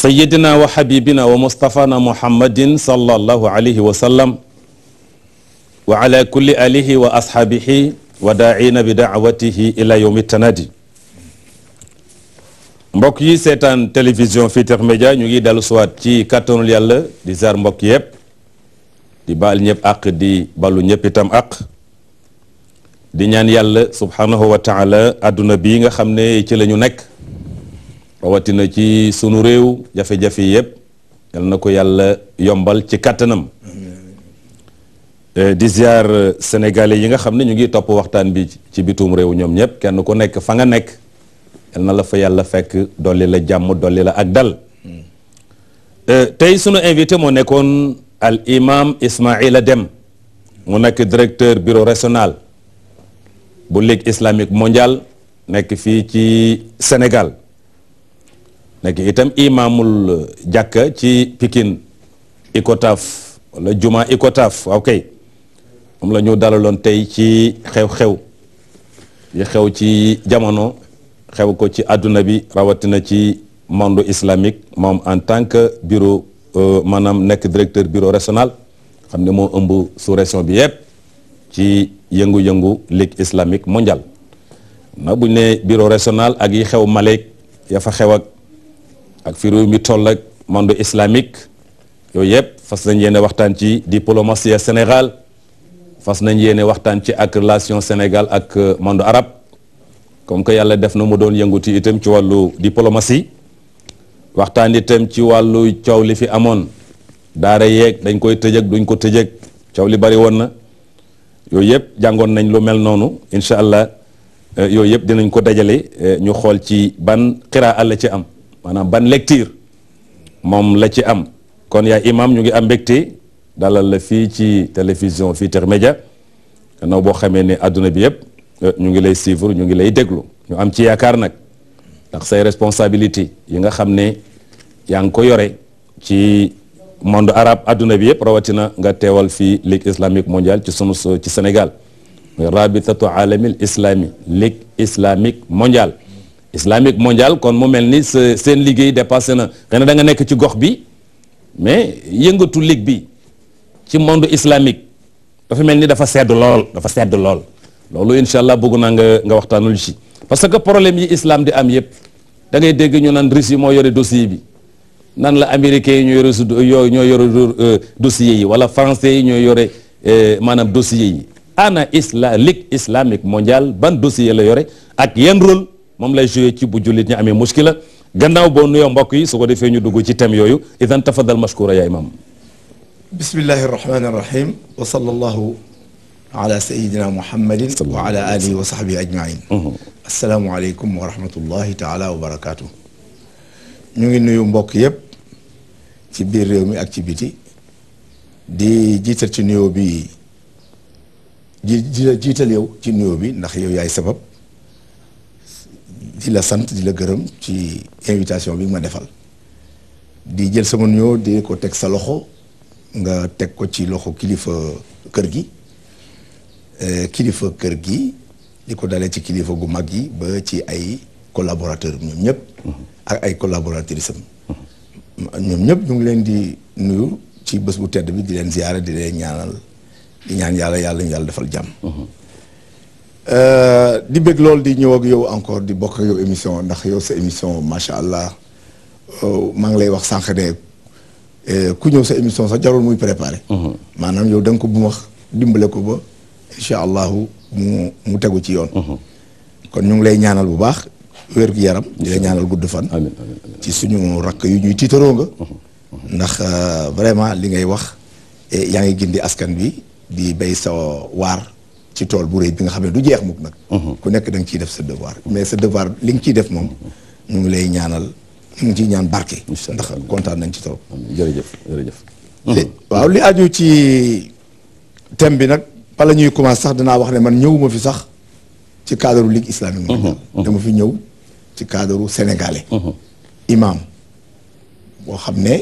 sayyidina wa xabibina wa mustafana muhammadin sallallahu alayhi wa sallam wa ala kulli alihi wa asxaabihi wa daacina bi daawatihi ila yowmi tanadi mbokk yi seetaan télévision Futurs Médias ñu ngi dellu siwaat ci kàttanul yàlla di sar mbokk yëpp di baal ñëpp àq di balu ñëpp itam àq di ñaan yàlla subhanahu wa taala àdduna bii nga xam ne ci la ñu nekk rawatina ci sunu réew jafe-jafe yépp yal na ko yàlla yombal ci kàttanam eh, di ziar sénégalais yi nga xam ne ñu ngi topp waxtaan bi ci bitum réew ñoom ñëpp kenn ku nekk fa nga nekk yal na la fa yàlla fekk dolli la jàmm dolli la ak dal eh, tey sunu invité moo nekkoon al imam Ismaïla dem mu nekk directeur bureau régional bu ligue islamique mondial nekk fii ci Sénégal nekk itam imaamul euh, jàkka ci Pikine Icotaf wala juma Icotaf waaw kay moom la ñu dalaloon tey ci xew-xew yi xew ci jamono xew ko ci àdduna bi rawatina ci monde islamique moom en tant que bureau euh, maanaam nekk directeur bureau régional xam ne moo ëmb su région bi yëpp ci yëngu-yëngu ligue islamique mondiale na bu ñu bureau régional ak yi xew Malek ya fa xew ak ak fi réew mi toll ak monde islamique yooyu yëpp fas nañ yéene waxtaan ci diplomatie Sénégal fas nañ yéene waxtaan ci ak relation Sénégal ak euh, monde arab comme que yàlla def na mu doon yënguti itam ci wàllu diplomatie waxtaan itam ci wàllu coow li fi amoon daara yeeg dañ koy tëjëg duñ ko tëjëg coow li bari woon na yooyu yëpp jàngoon nañ lu mel noonu incha allah euh, yooyu yëpp dinañ ko dajale euh, ñu xool ci ban xiraa àll ci am maanaam ban lecture moom la ci am kon ya imam ñu ngi am mbégte dalal la fii ci télévision Futurs Médias gannaaw boo xamee ne àdduna bi yëpp euh, ñu ngi lay suivre ñu ngi lay déglu ñu am ci yaakaar nag ndax say responsabilité yi nga xam ne yaa ngi ko yore ci monde arabe àdduna bi yëpp rawatina nga teewal fii ligue islamique mondiale ci sunu ci Sénégal muy rabitatu alamil islami ligue islamique mondiale islamique mondial kon mu mel ni seen liggéey dépassé na xëy danga nekk ci gox bi mais yëngatu ligue bi ci monde islamique dafa mel ni dafa sedd lool dafa sedd lool loolu incha allah bëgg naa nga nga waxtaanul ci parce que problème yi islam di am yëpp da ngay dégg ñu naan yi moo yore dossier bi nan la américains yi ñoo yore su ñoo yore euh, dossier yi wala français yi ñoo yore euh, maanaam dossier yi ana isla ligue islamique mondial ban dossier la yore ak yan rôle. moom lay joué ci bu jullit ñi amee muskila gannaaw boo nuyoo mbokk yi su ko defee ñu dugg ci thème yooyu idan tafadal mashkura ya imam bismillahi arrahmani arrahim wa sallallahu ala sayidina muhammadin wa ala alihi wa sahbihi ajmain asalaamu aleykum wa rahmatullahi taala wa barakaatu ñu ngi nuyu mbokk yëpp ci biir réew mi ak ci biti di jiital ci nuyoo bi ji jiital yow ci nuyoo bi ndax yow yaay sabab di la sant di la gërëm ci invitation bi ma defal di jël sama nuyoo di ko teg sa loxo nga teg ko ci loxo kilifa kër gi eh, kilifa kër gi li ko dalee ci kilifa gu mag yi ba ci ay collaborateur ñoom ñëpp mm-hmm. ak ay collaboratrices ñoom ñëpp ñu ngi leen di nuyu ci bés bu tedd bi di leen ziyaare di leen ñaanal di ñaan yàlla yàlla ñu yàlla defal jàmm mm-hmm. Euh, di bëgg loolu di ñëw yow encore di bokk ak yow émission ndax yow sa émission macha allah euh, maa ngi lay wax sànq ne euh, ku ñëw sa émission sax jarul muy préparé. Mhm. maanaam yow da ko bu wax dimbale ko ba incha allah mu tegu ci yoon. Mhm. kon ñu ngi lay ñaanal bu baax wér gu yaram. di lay ñaanal gudd fan. amiin amiin ci suñu rakk yu ñuy tiitaroo nga. Mhm, ndax vraiment li ngay wax eh, yaa ngi gindi askan bi di bay sa waar. ci tool bu rëy bi nga xam ne du jeex mukk nag mhm. ku nekk da nga ciy def sa devoir mais sa devoir li nga ciy def moom ñu ngi lay ñaanal ñu ngi ciy ñaan barke ndax kontaan nañ ci trop jërëjëf jërëjëf mhm. eh, waaw li aju ci thème bi nag bala ñuy commencé sax danaa wax ne man ñëwuma fi sax ci cadre ligue islamique mhm. mondiale dama fi ñëw ci cadre sénégalais imam boo xam ne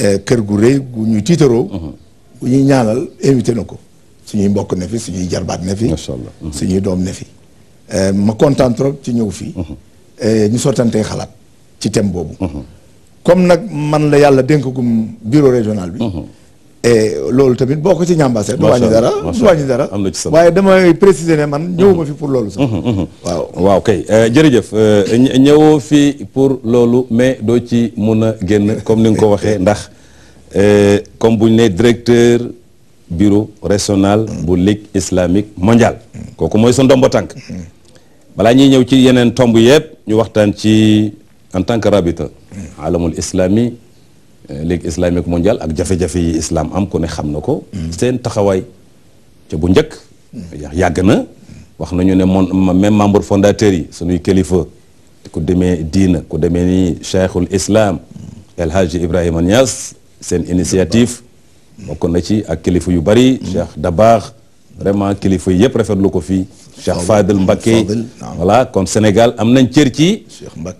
eh, kër gu rëy gu ñuy tiitaroo bu ñuy ñaanal invité na ko suñuy mbokk ne fi suñuy jarbaat ne fi. su allah mhm. suñuy doom ne fi. Euh, ma kontaan trop ci ñëw fii. Mhm. Euh, ñu sottantee xalaat ci thème boobu. Mhm. comme nag man la yàlla dénkagum bureau régional bi. loolu tamit boo ko ci ñambaasee. du wàññi dara du wàññi dara. am na ci waaye damay préciser ne man ñëwuma fi pour loolu sax. waaw waaw kay euh, jërëjëf ñëwoo fi pour loolu mais doo ci mun a génn comme ni nga ko waxee ndax comme bu ne nee directeur. bureau régional bu ligue islamique mondiale kooku mooy sa ndombo tànk balaa ñuy ñëw ci yeneen tomb yëpp ñu waxtaan ci en tant que rabita alamul islami euh, ligue islamique mondiale ak jafe-jafe yi islam am ku ne xam na ko seen taxawaay ca bu njëkk yàgg na wax nañu ne moom même membre fondateur yi suñuy kilifa ku demee diina ku demee ni cheikhul islam El Hadji Ibrahima Niass seen initiative bokk na ci ak kilifa yu bari. Cheikh Dabaax vraiment kilifa yi yëpp rafetlu ko fii. Cheikh Fadel Mbacké voilà kon Sénégal am nañ cër ci.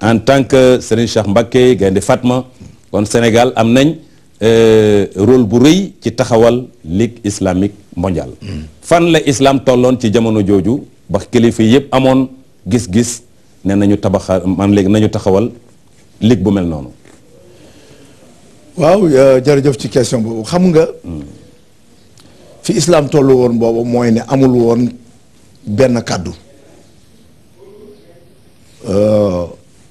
en tant que Serigne Cheikh Mbacké Gaynde Fatma. kon Sénégal am nañ euh, rôle bu rëy ci taxawal ligue islamique mondiale. Mm. fan la islam tolloon ci jamono jooju ba kilifa yëpp amoon gis-gis ne nañu tabaxa man léegi nañu taxawal ligue bu mel noonu. waaw jërëjëf ci question boobu xam nga fi islam tollu boobu mooy ne amul woon benn kàddu euh,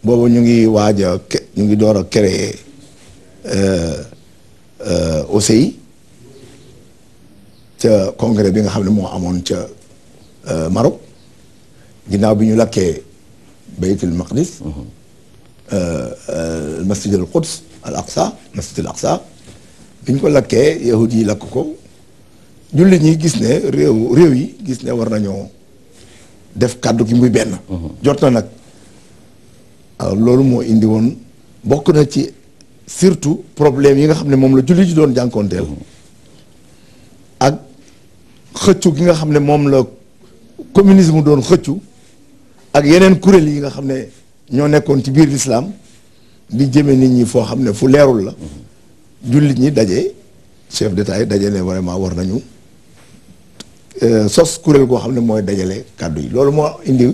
boobu ñu ngi waaj a ñu ngi door a créer euh, euh, OCI ca congrès bi nga xam ne moo amoon ca Maroc ginnaaw bi ñu lakkee baytul maqdis mhm. masjid al quds al aqsa masjid al aqsa biñ ko lakkee yahud yi lakk ko jullit ñi gis ne réew réew yi gis ne war nañoo def kàddu ki muy benn mhm. jot na nag loolu moo indi woon bokk na ci surtout problème yi nga xam ne moom la jullit yi doon jànkoonteel mhm. ak xëccu gi nga xam ne moom la communisme doon xëccu ak yeneen kuréel yi nga xam ne ñoo nekkoon ci biir l'islam di jëme nit ñi foo xam ne fu leerul la jullit ñi daje chef d'état yi daje vraiment war nañu euh, sos kuréel goo xam ne mooy dajale kàddu yi loolu moo indi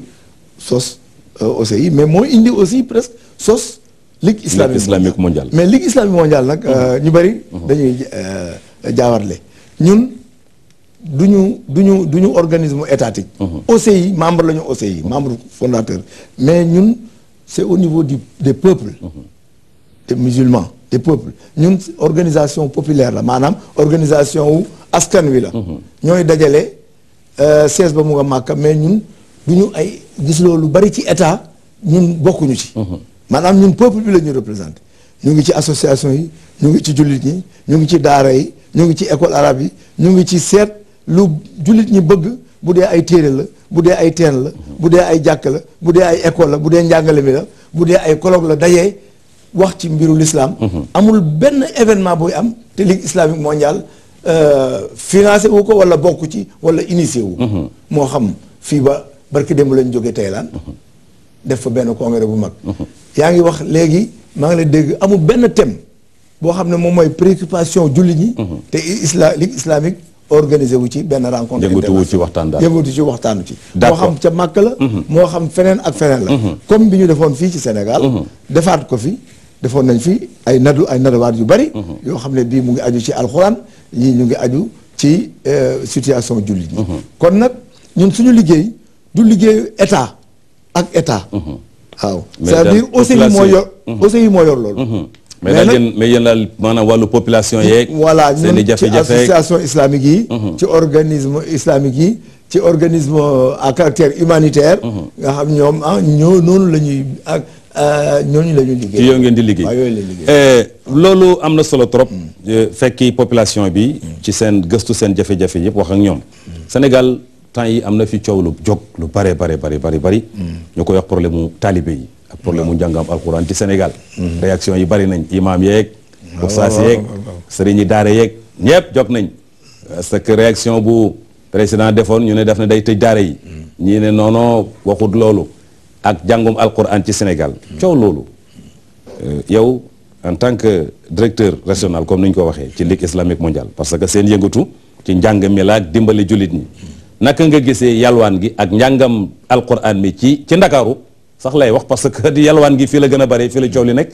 sos euh, OCI yi mais moo indi aussi presque sos ligue islamique mondial mais ligue islamique mondiale nag euh, mhm. ñu bari mhm. dañuy jaawarle ñun duñu duñu duñu organisme étatique mhm. membre lañu ñu OCI membre fondateur mais ñun c'est au niveau du des peuples mhm. des de des peuples ñun organisation populaire la maanaam organisation askan wi la mhm. ñooy dajale euh, siège ba mu nga màkka mais ñun du ñu ay gis loolu bari ci état ñun bokkuñu ci mhm. maanaam ñun peuple bi la ñu représenté ñu ngi ci association yi ñu ngi ci jullit ñi ñu ngi ci daara yi ñu ngi ci école arab yi ñu ngi ci seet lu julit ñi bëgg bu dee ay téere la bu dee ay teen la bu dee ay jàkk la bu dee ay école la bu dee njàngale mi la bu dee ay colloque la dajee wax ci mbiru l'islam mhm. amul benn événement buy am te ligue islamique mondiale euh, financé wu ko wala bokk ci wala initié wu mhm. moo xam fii ba barki démb lañ jóge Thaïlande mhm. def fa benn congrès bu mag yaa ngi wax léegi maa ngi la dégg amul benn thème boo xam ne moom mooy préoccupation julli ñi te isla ligue organisé wu ci benn rencontre yëngatuwu ci waxtaan daal yëngatu ci waxtaanu ci moo xam ca màkk la mhm. moo xam feneen ak feneen la mhm. comme bi ñu defoon fii ci Sénégal mhm. defaat ko fi defoon nañ fi ay nadu ay nadawaat yu bari yoo xam ne bii mu ngi aju ci alxuraan ñii ñu ngi aju ci euh, situation jullit ñi kon nag ñun suñu liggéey du liggéeyu état ak état waaw c'est-à-dire OCI moo yor yi moo yor loolu mais daal yéen mais yéen daal maanaam wàllu population yeeg. voilà ñun ci association islamique yi. Mhm. ci organisme islamique yi. ci organisme à caractère humanitaire. Mhm. ñoom ah ñoo noonu la ñuy ak euh, ñooñu la ñuy liggéey. ci yooyu ngeen di liggéey eh, loolu am na solo trop. Mm. fekki population bi. Mm. ci seen gëstu seen jafe-jafe yëpp wax ak ñoom. Mm. Sénégal temps yi am na fi coow lu jóg lu bare bare bare bare bari. ñu ko wax problème mu taalibe yi. ak problème mu njàngam alxuraan ci Sénégal. Mm-hmm. réaction yi bari nañ imaam yeeg. Ah, ustaas yeeg sëriñ yi daara yeeg ñëpp jog nañ. parce que réaction bu président defoon ñu ne def na day tëj daara yi. Mm-hmm. ñii ne noono waxut loolu. ak jàngum alxuraan ci Sénégal. Mm-hmm. coow loolu. Euh, yow en tant que directeur régional comme ni ñu ko waxee ci ligue islamique mondial parce que seen yëngatu ci njàng mi la dimbali jullit ñi. naka nga gisee yalwaan gi ak njàngam alxuraan mi ci ci Ndakaaru. sax lay wax parce que di yalwaan gi fi la gën a bare fii la coow nekk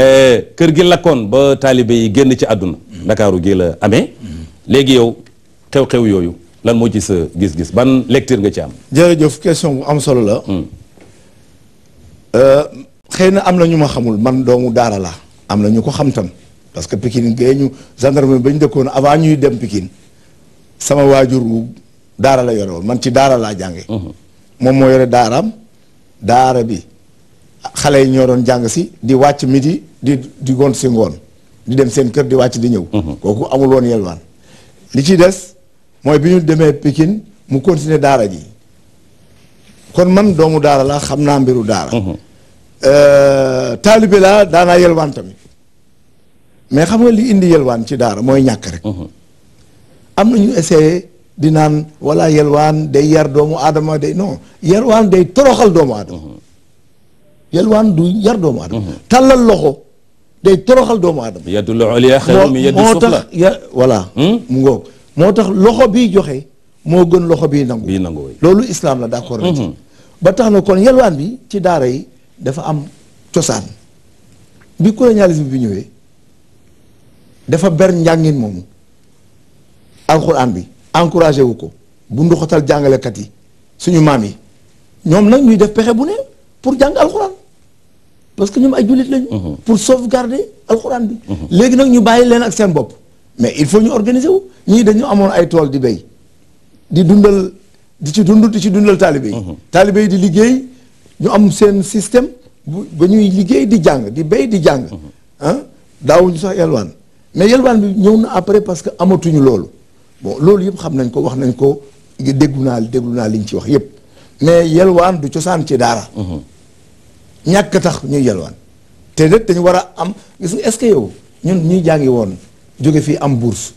eh, kër gi lakkoon ba taalibe yi génn ci àdduna ndakaaru gi la amee léegi yow xew-xew yooyu lan moo ji sa gis-gis ban lecture nga ci am jërëjëf question bu am solo la hmm. eh, xëy na am na ñu ma xamul man doomu daara la am na ñu ko xam tam parce que Pikine gée ñu gendarmerie ba ñu dëkkoon avant ñuy dem pikin sama waajur daara la yore woon man ci daara laa jànge hmm. moom moo yore daaraam daara bi xale yi ñoo doon jàng si di wàcc midi di di gont si ngoon di dem seen kër di wàcc di ñëw. Mhm. kooku amuloon woon yelwaan li ci des mooy bi ñu demee Pikine mu continuer daara ji kon man doomu daara la xam naa mbiru daara. Mhm. Euh, taalibe laa daanaa yelwaan tamit mais xam nga li indi yelwaan ci daara mooy ñàkk rek. Mhm. am na ñu essayé di naan wala yelwaan day yar doomu aadama day non yelwaan day toroxal doomu aadama mhm. yelwaan du yar doomu aadama mhm. tàllal loxo day toroxal doomu aadama yaddu loxo li xel mi hmm? moo tax loxo bii joxe moo gën loxo bii nangu bii nangu loolu islam la d'accord mhm. ba tax na kon yelwaan bi ci daara yi dafa am cosaan bi colonialisme bi ñëwee dafa ber njàngin moomu alxuraan bi encouragé wu ko bu ndoxatal jàngalekat yi suñu maam yi ñoom nag ñuy def pexe bu ne pour jàng alxuraan parce que ñoom ay jullit lañu. Mhm. pour sauvegarder alxuraan bi. Mhm. léegi nag ñu bàyyi leen ak seen bopp. mais il faut ñu organiser wu ñii dañu amoon ay tool di béy di dundal di ci dund di ci dundal taalibe yi. Mhm. taalibe di liggéey ñu am seen système bu ba ñuy liggéey di jàng di béy di jàng. ah daawuñu sax yalwaan mais yalwaan bi ñëw na après parce que amatuñu loolu. bon loolu yëpp xam nañ ko wax nañ ko déglu naa déglu naa liñ ci wax yëpp mais yelwaan du cosaan ci daara. Mhm. ñàkk tax ñu yelwaan. te nag dañu war a am gis nga ce que yow ñun ñuy jàngi woon jóge fii am bourse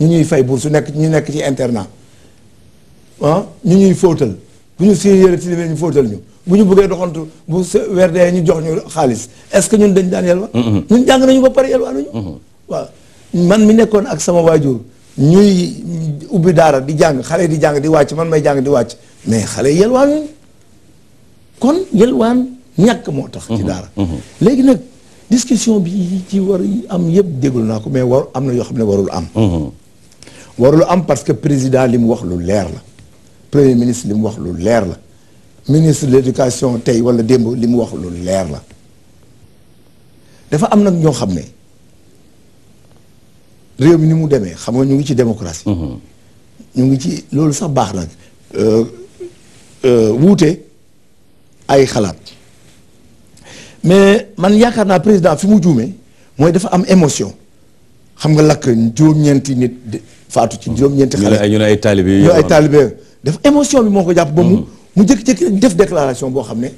ñu ñuy fay bourse nekk ñu nekk ci internat ah ñu ñuy fóotal bu ñu suñu yëre tilimee ñu fóotal ñu bu ñu bëggee doxantu bu weer dee ñu jox ñu xaalis est-ce que ñun dañ daan yelwaan. Mhm. ñun jàng nañu ba pare yelwaanuñu. Mhm. waaw man mi nekkoon ak sama waajur. ñuy ubbi daara di jàng xale di jàng di wàcc man may jàng di wàcc mais xale yelwaanuñ kon yelwaan ñàkk moo tax ci mhm, daara mhm. léegi nag discussion bi ci war am yëpp déglu naa ko mais war am na yoo xam ne warul am mhm. warul am parce que président li mu wax lu leer la premier ministre li mu wax lu leer la ministre de l'éducation tey wala démb li mu wax lu leer la dafa am nag ñoo xam ne réew mi ni mu demee xam nga ñu ngi ci démocratie. Mhm. ñu ngi ci loolu sax baax nag euh, euh, wuute ay xalaat mais man yaakaar naa président fi mu juumee mooy dafa am émotion xam nga lakk juróom-ñeenti nit faatu ci mhm. juróom-ñeenti xale. ñu ne ay taalibe ñu taalibe dafa émotion bi moo ko jàpp ba mu mhm. mu jékki-jékki def déclaration boo xam ne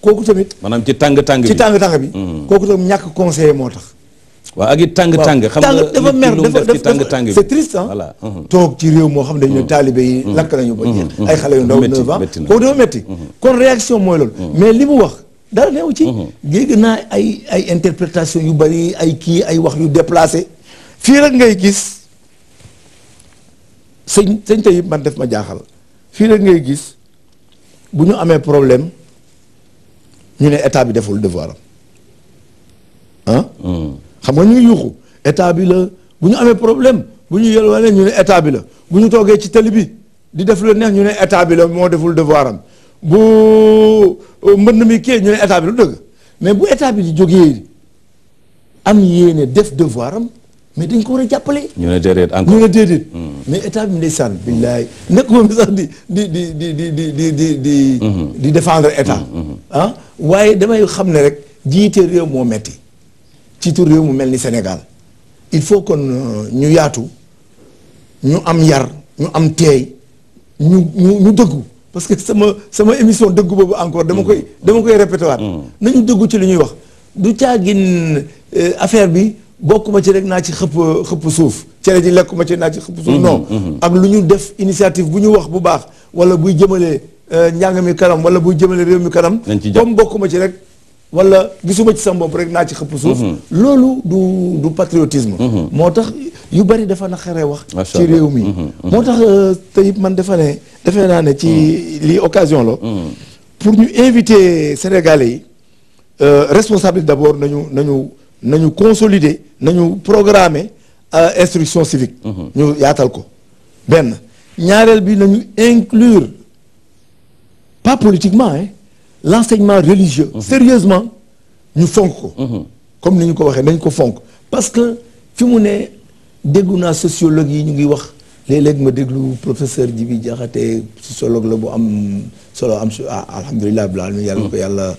kooku tamit. maanaam ci tàng tàng bi ci tàng bi. kooku tamit ñàkk conseiller moo tax. waaw ak it tàng tàng xam nga dafa mer tàng tàng bi c'est triste ah voilà toog ci réew moo xam ne ñu mm. taalibe yi mm. lakk nañu ba mm. jeex ay xale yu ndaw neuf ans kooku dafa métti kon réaction mooy loolu mais li mu wax dara neew ci mm-hmm. dégg naa ay ay interprétation yu bari ay kii ay wax yu déplacé fii rek ngay gis sëñ sëñ tey man def ma jaaxal fii rek ngay gis bu ñu amee problème ñu ne état bi deful devoir xam nga ñuy yuuxu état bi la bu ñu amee problème bu ñu yelwaane ñu ne état bi la bu ñu toogee ci tali bi di def lu neex ñu ne état la moo deful devoir am bu euh, mbënd mi kii ñu ne état bi lu dëgg mais bu état bi di jógee am yéene def devoir am mais dañ ko war jàppale. ñu ne déedéet encore ñu ne hmm. mais état bi ndeysaan. billaay nekk sax di di di di di di di di. di hmm. défendre état. Hmm, ah, waaye damay xam ne rek jiite réew moo metti ciitu réew mu mel ni Sénégal il faut kon ñu yaatu ñu am yar ñu am teey ñu ñu ñu dëggu parce que sama sama émission dëggu boobu encore dama mm. koy dama koy répété waat mm. nañu dëggu ci lu ñuy wax du caagin euh, affaire bi bokkuma ci rek naa ci xëpp xëpp suuf cere ji lekkuma ci naa ci xëpp suuf mm-hmm, non mm-hmm. ak lu ñu def initiative bu ñu wax bu baax wala buy jëmale euh, njàng mi kanam wala buy jëmale réew mi kanam comme bokkuma ci rek wala gisuma ci sama bopp rek naa ci xëpp suuf. Mhm. loolu du du patriotisme. Mhm. moo tax yu bari dafa naqaree wax. ci réew mi. Mhm. moo tax euh, tey man dafa ne defee naa ne ci lii occasion la. pour ñu inviter Sénégalais yi euh, responsable d'abord nañu nañu nañu consolider nañu programmer euh, instruction civique. ñu yaatal ko benn ñaareel bi nañu inclure pas politiquement l'enseignement religieux mhm. sérieusement ñu fonk ko mhm. comme ni ñu ko waxee nañ ko fonk parce que fi mu ne déggu naa sociologue yi ñu ngi wax léeg-léeg ma déglu professeur Djibi Diakhaté sociologue la bu am solo am su ah, alhamdulilah bil alamin yàlla ko mhm. yàlla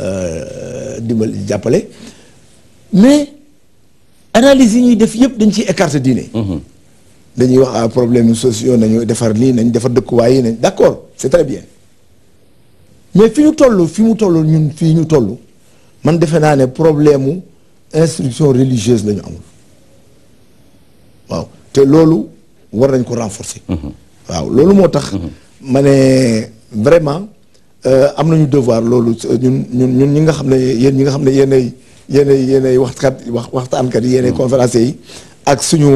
euh, dimbal jàppale mais analyse yi ñuy def yëpp dañ ciy écarter diine dañuy wax à ah, problème sociaux nañu defar lii nañ defar dëkkuwaay yi nañ d'accord c'est très bien mais fi ñu toll fi mu toll ñun fii ñu toll man defe naa ne problème mu instruction religieuse la ñu amul waaw te loolu war nañ ko renforcer. Mhm. waaw loolu moo tax. Mhm. ma ne vraiment euh, am nañu devoir loolu ñun ñun ñun ñi nga xam ne yéen ñi nga xam ne yéenay yéenay yéenay waxkat wax waxtaankat yi yéenay mhm. conférenciers yi ak suñu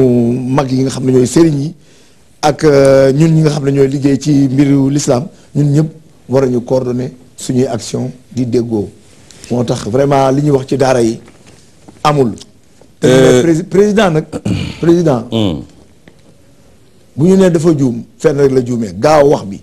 mag yi nga xam ne ñooy sëriñ yi ak euh, ñun ñi nga xam ne ñooy liggéey ci mbiru l'islam ñun ñëpp. war a ñu coordonner suñuy action di déggoo moo tax vraiment li ñuy wax ci daara yi amul. Euh, président nag président. Hmm. bu ñu nee dafa juum fenn rek la juumee gaaw wax bi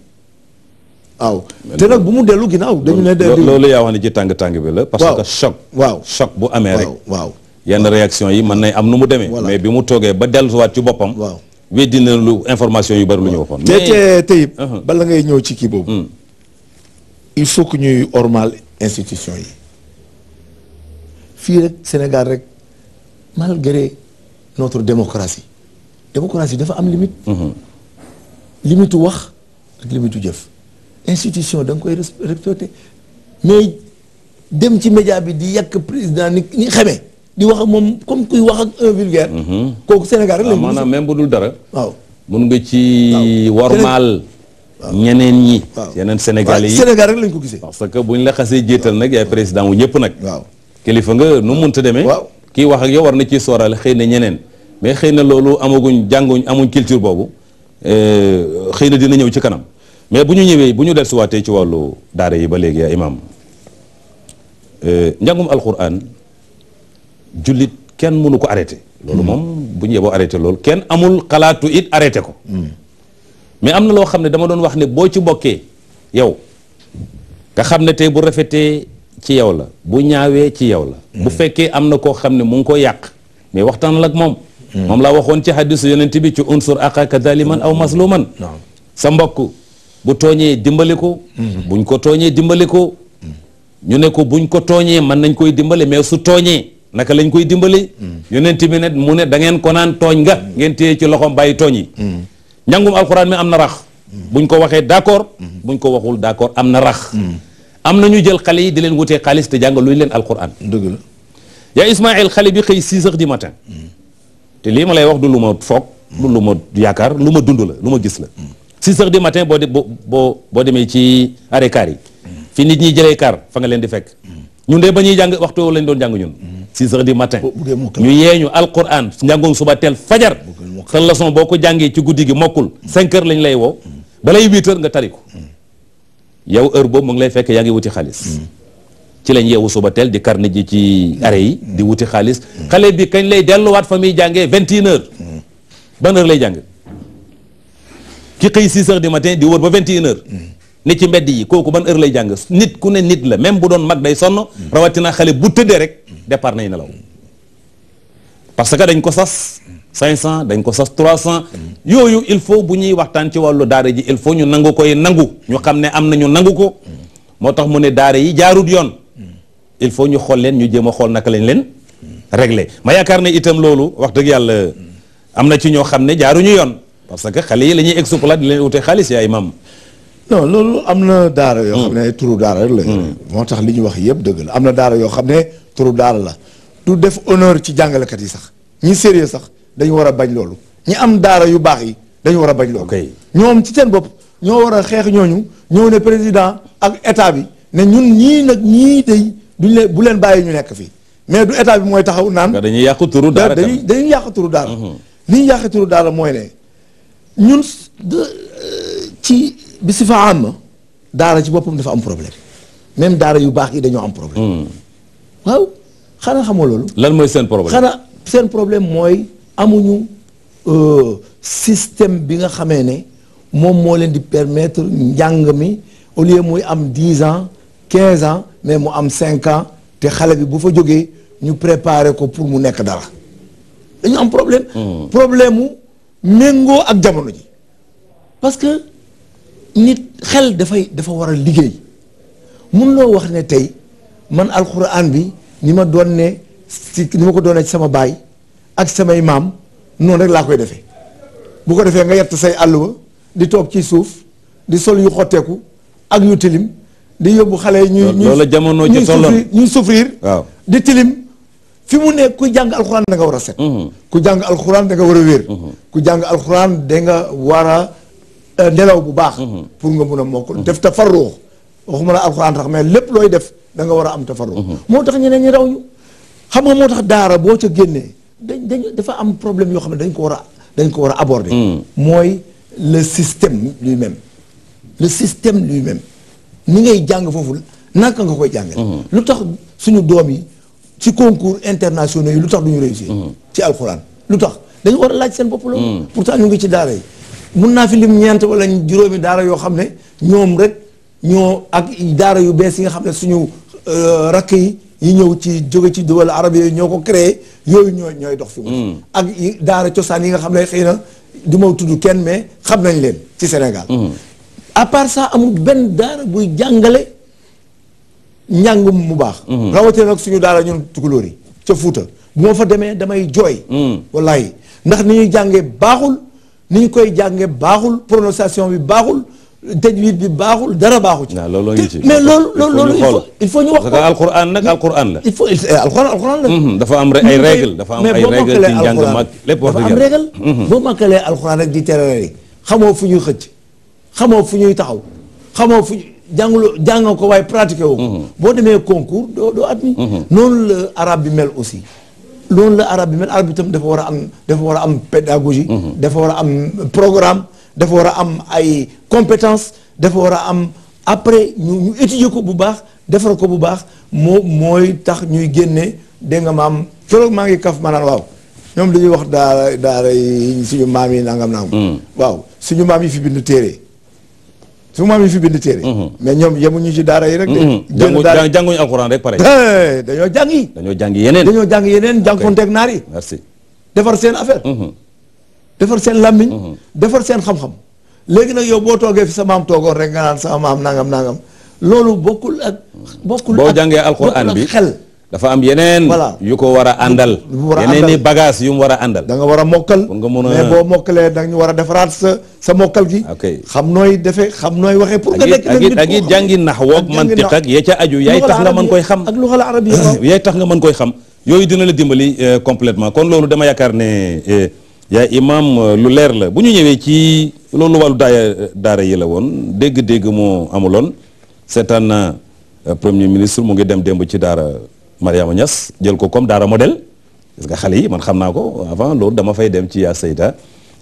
waaw. te nag bu mu dellu ginaaw dañu ne dellu loolu yaa wax ne ci tàng tàng bi la. parce que choc. waaw choc bu amee rek. waaw yenn réaction yi mën nañ am nu mu demee. mais bi mu toogee ba dellusiwaat ci boppam. waaw weddi lu information yu bari lu ñu waxoon. te te tey uh-huh. bala ngay ñëw ci kii boobu. Hmm. il faut que ñuy ormal institution yi fii rek Sénégal rek malgré notre démocratie démocratie dafa am limite. Mhm. limitu wax ak limitu jëf. institution da nga koy respecté mais dem ci média bi di yàq président ni ñi xamee di wax moom comme kuy wax ak un vulgaire. Mhm. kooku Sénégal rek la ah, maanaam même bu dul dara. waaw mun nga ci. warmal ñeneen ñi yeneen sénégalais yi sénégal rek lañ ko gisee parce que bu ñu la xasee jéetal nag yaay président wu ñëpp nag waaw kilifa nga nu munta demee waaw kii wax ak yow war na ciy sooraale xëy na ñeneen mais xëy na loolu amaguñ jànguñ amuñ culture boobu euh, xëy na dina ñëw ci kanam mais bu ñu ñëwee bu ñu si dellusiwaatee ci wàllu daara yi ba léegi yaa imaam euh, njàngum alquran jullit kenn mënu ko arrêté loolu hmm. moom bu ñu yeboo arrêté loolu kenn amul xalaatu it arrêté ko hmm. mais am na loo xam ne dama doon wax ne boo ci bokkee yow nga xam ne tey bu rafetee ci yow la bu ñaawee ci yow la bu hmm. fekkee am na koo xam ne mu ngi ko yàq mais waxtaan lag moom hmm. moom laa waxoon ci hadisu yonent bi ci unsur axaaka zaliman aw masluman hmm. sa mbokk bu tooñee dimbali ko buñ ko tooñee dimbali ko ñu ne ko buñ ko tooñee mën nañ koy dimbale mais su tooñee naka lañ koy dimbali yonent bi ne mu ne da ngeen ko naan tooñ nga ngeen téye ci loxoom bàyyi tooñ yi njàngum alxuraan mi am na rax buñ ko waxee d'accord buñ ko waxul d'accord am na rax am na ñu jël xale yi di leen wutee xaalis te jàng luñ leen alxuraan dëgg la yaa Ismaël xale bi xëy 6 heures du matin te lii ma lay wax du lu ma foog du lu ma yaakaar lu ma dund la lu ma gis la 6 heures du matin boo de boo boo demee ci arrêt car yi fi nit ñi jëlee car fa nga leen di fekk ñun de ba ñuy jàng waxtu lañ doon jàng ñun six heures du matin ñu yeeñu alquran njàngum suba teel fajar sa leçon boo ko jàngee ci guddi gi mokkul cinq heures lañ lay woo balay huit heures nga tari ko yow heure boobu mu lay fekk yaa ngi wuti xaalis ci lañ yeewu suba teel di kar karne ji ci are yi di wuti xaalis xale bi kañ lay delluwaat fa muy jàngee vingt et une heures ban lay jàng ki xëy six heures du matin di wër ba vingt une heures nit ci mbedd yi kooku ban heure lay jàng nit ku ne nit la même bu doon mag day sonn rawatina xale bu tëddee rek départ nay nelaw parce que dañ ko sas 500 dañ ko sas 300 yooyu il faut bu ñuy waxtaan ci wàllu daara ji il faut ñu nangu koy nangu ñu xam ne am na ñu nangu ko moo tax mu ne daara yi jaarut yoon il faut ñu xool leen ñu jéem a xool naka lañ leen réglé ma yaakaar na itam loolu wax dëgg yàlla am na ci ñoo xam ne jaaruñu yoon parce que xale yi la ñuy exploité di leen wute xaalis yaay maam non loolu am na daara yoo xam hmm. ne turu daara rek la hmm. moo tax li ñu wax yëpp dëgg la am na daara yoo xam ne turu daara la du def honneur ci jàngalekat yi sax ñi sérieux sax dañu war a bañ loolu ñi am daara yu baax yi dañu war a bañ loolu ñoom ci seen bopp ñoo war a xeex ñooñu ñëw ne président ak état bi ne ñun ñii nag ñii day duñ leen bu leen bàyyi ñu nekk fii mais du état bi mooy taxaw naan dañuy yàq turu daara dañuy dañuy yàq turu daara hmm. li yàq turu daara mooy ne ñun euh, ci bi si fa am daara ci boppam dafa am problème même daara yu baax yi dañoo am problème. Hmm. waaw xanaa xamoo loolu. lan mooy seen problème xanaa seen problème mooy amuñu euh, système bi nga xamee ne moom moo leen di permettre njàng mi au lieu muy am dix ans quinze ans mais mu am cinq an te xale bi bu fa jógee ñu préparer ko pour mu nekk dara dañu am problème. Hmm. problème mu méngoo ak jamono ji nit xel dafay dafa war a liggéey mun loo wax ne tey man alxuraan bi ni ma doon ne si ni ma ko doonee ci sama baay ak samay maam noonu rek laa koy defe bu ko defee nga yett say àlluwa di toog ci suuf di sol yu xotteeku ak yu tilim di yóbbu xale yi ñuy ñuy jamono ci tolloon ñuy souffrir waaw di tilim fi mu ne ku jàng alxuraan da nga war a set mm-hmm. ku jàng alxuraan da nga war a wér mm-hmm. ku jàng alxuraan da war Euh, nelaw bu baax. Mhm. pour nga mun a mokkal. Mhm. def tafarrux waxuma la alxuraan tax mais lépp looy def da nga war a am tafarrux. Mhm. moo tax ñenee ñi raw ñu. xam nga moo tax daara boo ca génnee dañ dañ dafa am problème yoo xam ne dañ ko war a dañ ko war a aborder. mooy le système lui-même. le système lui-même ni ngay jàng foofu naka nga koy jàngale. lu tax suñu doom yi ci concours internationaux yi lu tax du ñu réussir. ci alxuraan lu tax dañu war a laaj seen bopp loolu. pourtant ñu ngi ci daara mun naa fi lim ñeent wala juróomi daara yoo xam ne ñoom rek ñoo ak daara yu bees yi nga xam ne suñu euh, rakk yi yi ñëw ci jóge ci duwal arab yooyu ñoo ko créé yooyu ñooy ñooy dox fi mu mm. ak daara cosaan yi nga xam ne xëy na du ma tudd kenn mais xam nañ leen ci Sénégal mm. à part ça benn daara buy jàngale njàngum mu baax mm. rawatina nag suñu daara ñun tukulóor yi ca Fuuta bu ma fa demee damay jooy wallahi ndax ni ñuy jàngee baaxul ni ñu koy jàngee baaxul prononciation bi baaxul tajwid bi baaxul dara baaxu ci. mais loolu loolu il faut il faut ñu wax ko. parce que alquran nag alquran la. Eh, la. dafa am ay règle dafa am ay règle ci njàng mag lépp wax dëgg yàlla boo màkkalee alquran rek di tere rek xamoo fu ñuy xëcc xamoo fu ñuy taxaw xamoo fu jànguloo jàngoo ko waaye pratiqué woo boo demee concours doo doo admis. noonu la arabe bi mel aussi. noonu la arab bi mel arab bi tam dafa war a am dafa war a am pédagogie mhm. dafa war a am programme dafa war a am ay compétence dafa war a am après ñu ñu ko bu baax defar ko bu baax moo mooy tax ñuy génne dégg nga maam keroog maa ngi kaf maanaam waaw ñoom dañuy wax daara daal suñu maam yi nangam nangam mm. waaw suñu maam yi fi bindu téere su maam yi fi bind téere mhm. mais ñoom ñu ci daara yi rek de mhm. jànguñu alxuraan rek pare dañoo jàng yi dañoo jàng yeneen dañoo jàng yeneen jànkonteeg naar yi merci defar seen affaire mhm. defar seen làmmiñ defar seen xam-xam léegi nag yow boo toogee fi sa maam toogoon rek nga naan sama maam nangam nangam loolu bokkul ak bokkul boo jàngee alxuraan bi xel dafa am yeneen. voilà yu ko war a àndal. yeneen i bagage yu mu war a àndal. danga nga war a mokkal. pour nga mën a mais boo mokkalee da nga war a defaraat sa sa mokkal gi. xam nooy defee xam nooy waxee. pour nga nekk nit ak it jàngi nax woog mantiq ak ya ca aju. yaay tax nga man koy xam ak lu xala arab tax nga mën koy xam. yooyu dina la dimbali euh, completement kon loolu dama yaakaar ne euh, yaa imam euh, lu leer la bu ñu ñëwee ci loolu wàllu daaya daara yi la woon dégg-dégg moo amuloon seetaan na premier ministre mu ngi dem démb ci daara. Mariama ñas jël ko comme daara modèle gis nga xale yi man xam naa ko avant loolu dama fay dem ci yaa sayta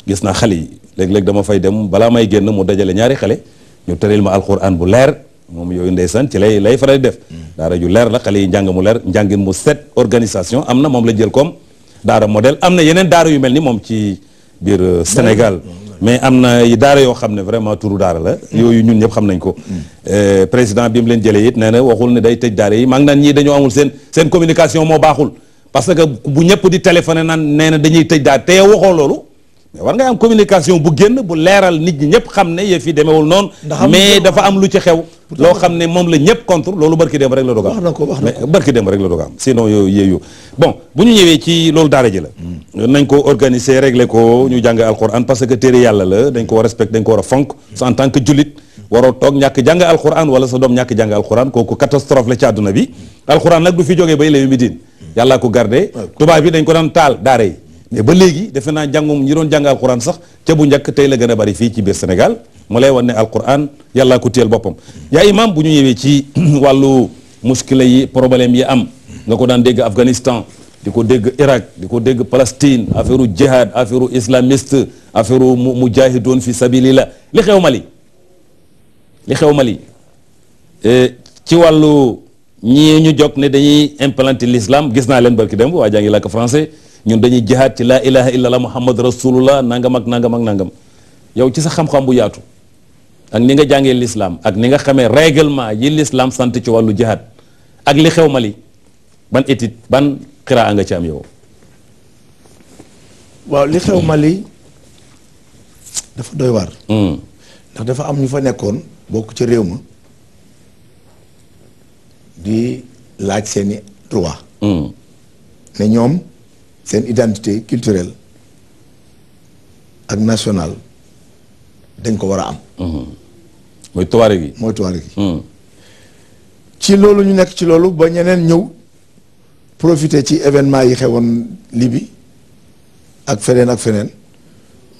gis naa xale yi léeg-léeg dama fay dem balaa may génn mu dajale ñaari xale ñu tëril ma alxuraan bu leer moom yooyu ndeysaan ci lay lay faral def daara ju leer la xale yi njàng mu leer njàngin mu set organisation am na moom la jël koom daara modèle am na yeneen daara yu mel ni moom ci biir euh, Sénégal mais am na daare yoo xam ne vraiment turu daara la yooyu ñun ñëpp xam nañ ko euh, président bi mu leen jëlee yit nee na waxul ne day tëj daara yi maa naan ñii dañoo amul seen seen communication moo baaxul parce que bu ñëpp di téléphoné naan nee na dañuy tëj daara te waxoo loolu mais war ngay am communication bu génn bu leeral nit ñi ñëpp xam ne yëf yi demeewul noonu. mais dafa am lu ci xew. loo xam ne moom la ñëpp contre loolu barki dem rek la doog na ko wax dem rek la doog a am sinon yooyu yooyu bon bu ñu ñëwee ci loolu daara ji la. Hmm. nañ ko organiser régler ko ñu jàng alxuraan parce que téere yàlla la dañ ko war a respecté dañ ko war a fonk. en tant que jullit waroo toog ñàkk jàng alxuraan wala sa doom ñàkk jàng alxuraan kooku catastrophe la ci àdduna bi. Hmm. alxuraan nag du fi jógee ba ilay mi diin. Hmm. yàllaa ko gardé. tubaab yi dañ ko daan taal daara yi mais ba léegi defe naa jàngum ñi doon jàng alquran sax ca bu njëkk tey la gën a bari fii ci biir Sénégal mu lay wan ne alquran yàllaa ko téyel boppam yaa imam bu ñu ñëwee ci wàllu muskila yi problème yi am nga ko daan dégg Afghanistan di ko dégg Irak di ko dégg Palestine affaire u jihad affaire u islamiste affaire u mujahidun fi sabilillah li xew Mali li xew Mali eh, ci wàllu ñii ñu jog ne dañuy implanter l'islam gis naa leen barki dem waa jaa ngi làkk français ñun dañuy jihaad ci laa ilaha illallah muhammad rasulullah nangam ak nangam ak nangam yow ci sa xam-xam bu yaatu ak ni nga jàngee lislaam ak ni nga xamee règlement yi lislaam sant ci wàllu jihaad ak li xew Mali ban étude ban xiraa nga ci am yow. waaw li xew Mali dafa doy waar. Hmm. ndax dafa am ñu fa nekkoon bokk ci réew ma di laaj seeni droit. Hmm. ne ñoom. seen identité culturelle ak national dañ ko war a am. Mhm. mooy tuwaare gi. mooy tuwaare gi. Mhm. ci loolu ñu nekk ci loolu ba ñeneen ñëw profité ci événement yi xewoon Libye ak feneen ak feneen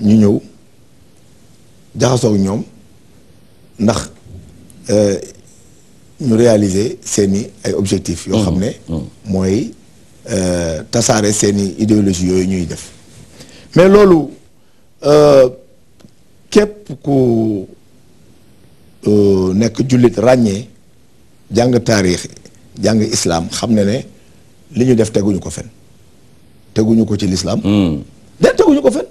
ñu ñëw jaxasoog ñoom ndax euh, ñu réaliser seeni ay objectifs. yoo mhm. xam ne mooy. Euh, tasaare seeni idéologie yooyu ñuy def mais loolu euh, képp ku euh, nekk jullit ràññee jàng taarix jàng islaam xam ne ne li ñu def teguñu ko fen teguñu ko ci lislaam hmm. de teguñu ko fen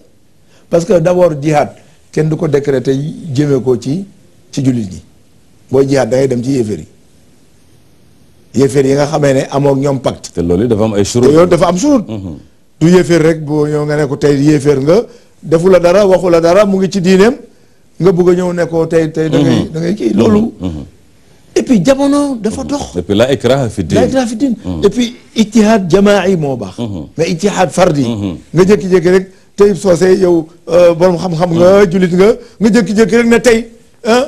parce que d'abord jihad kenn du ko décréter jëmee ko ci ci jullit ñi booy jihad dangay dem ci yéeféer yi yéeféer yi nga xamee ne amoo ñoom pacte. te loolu dafa am ay surut te yow dafa mm-hmm. du yéeféer rek boo ñëw nga ne ko tey yéeféer nga defu la dara waxu la dara mu ngi ci diineem nga bëgg a ñëw ne ko tey tey. da ngay mm-hmm. loolu. Mm-hmm. et jamono dafa dox. et la ikraha fi din la ikraha fi moo baax. mais ijtihaad fardi. nga jékki-jékki rek tey soosey yow euh, borom xam-xam nga. jullit nga nga jékki-jékki rek ne tey.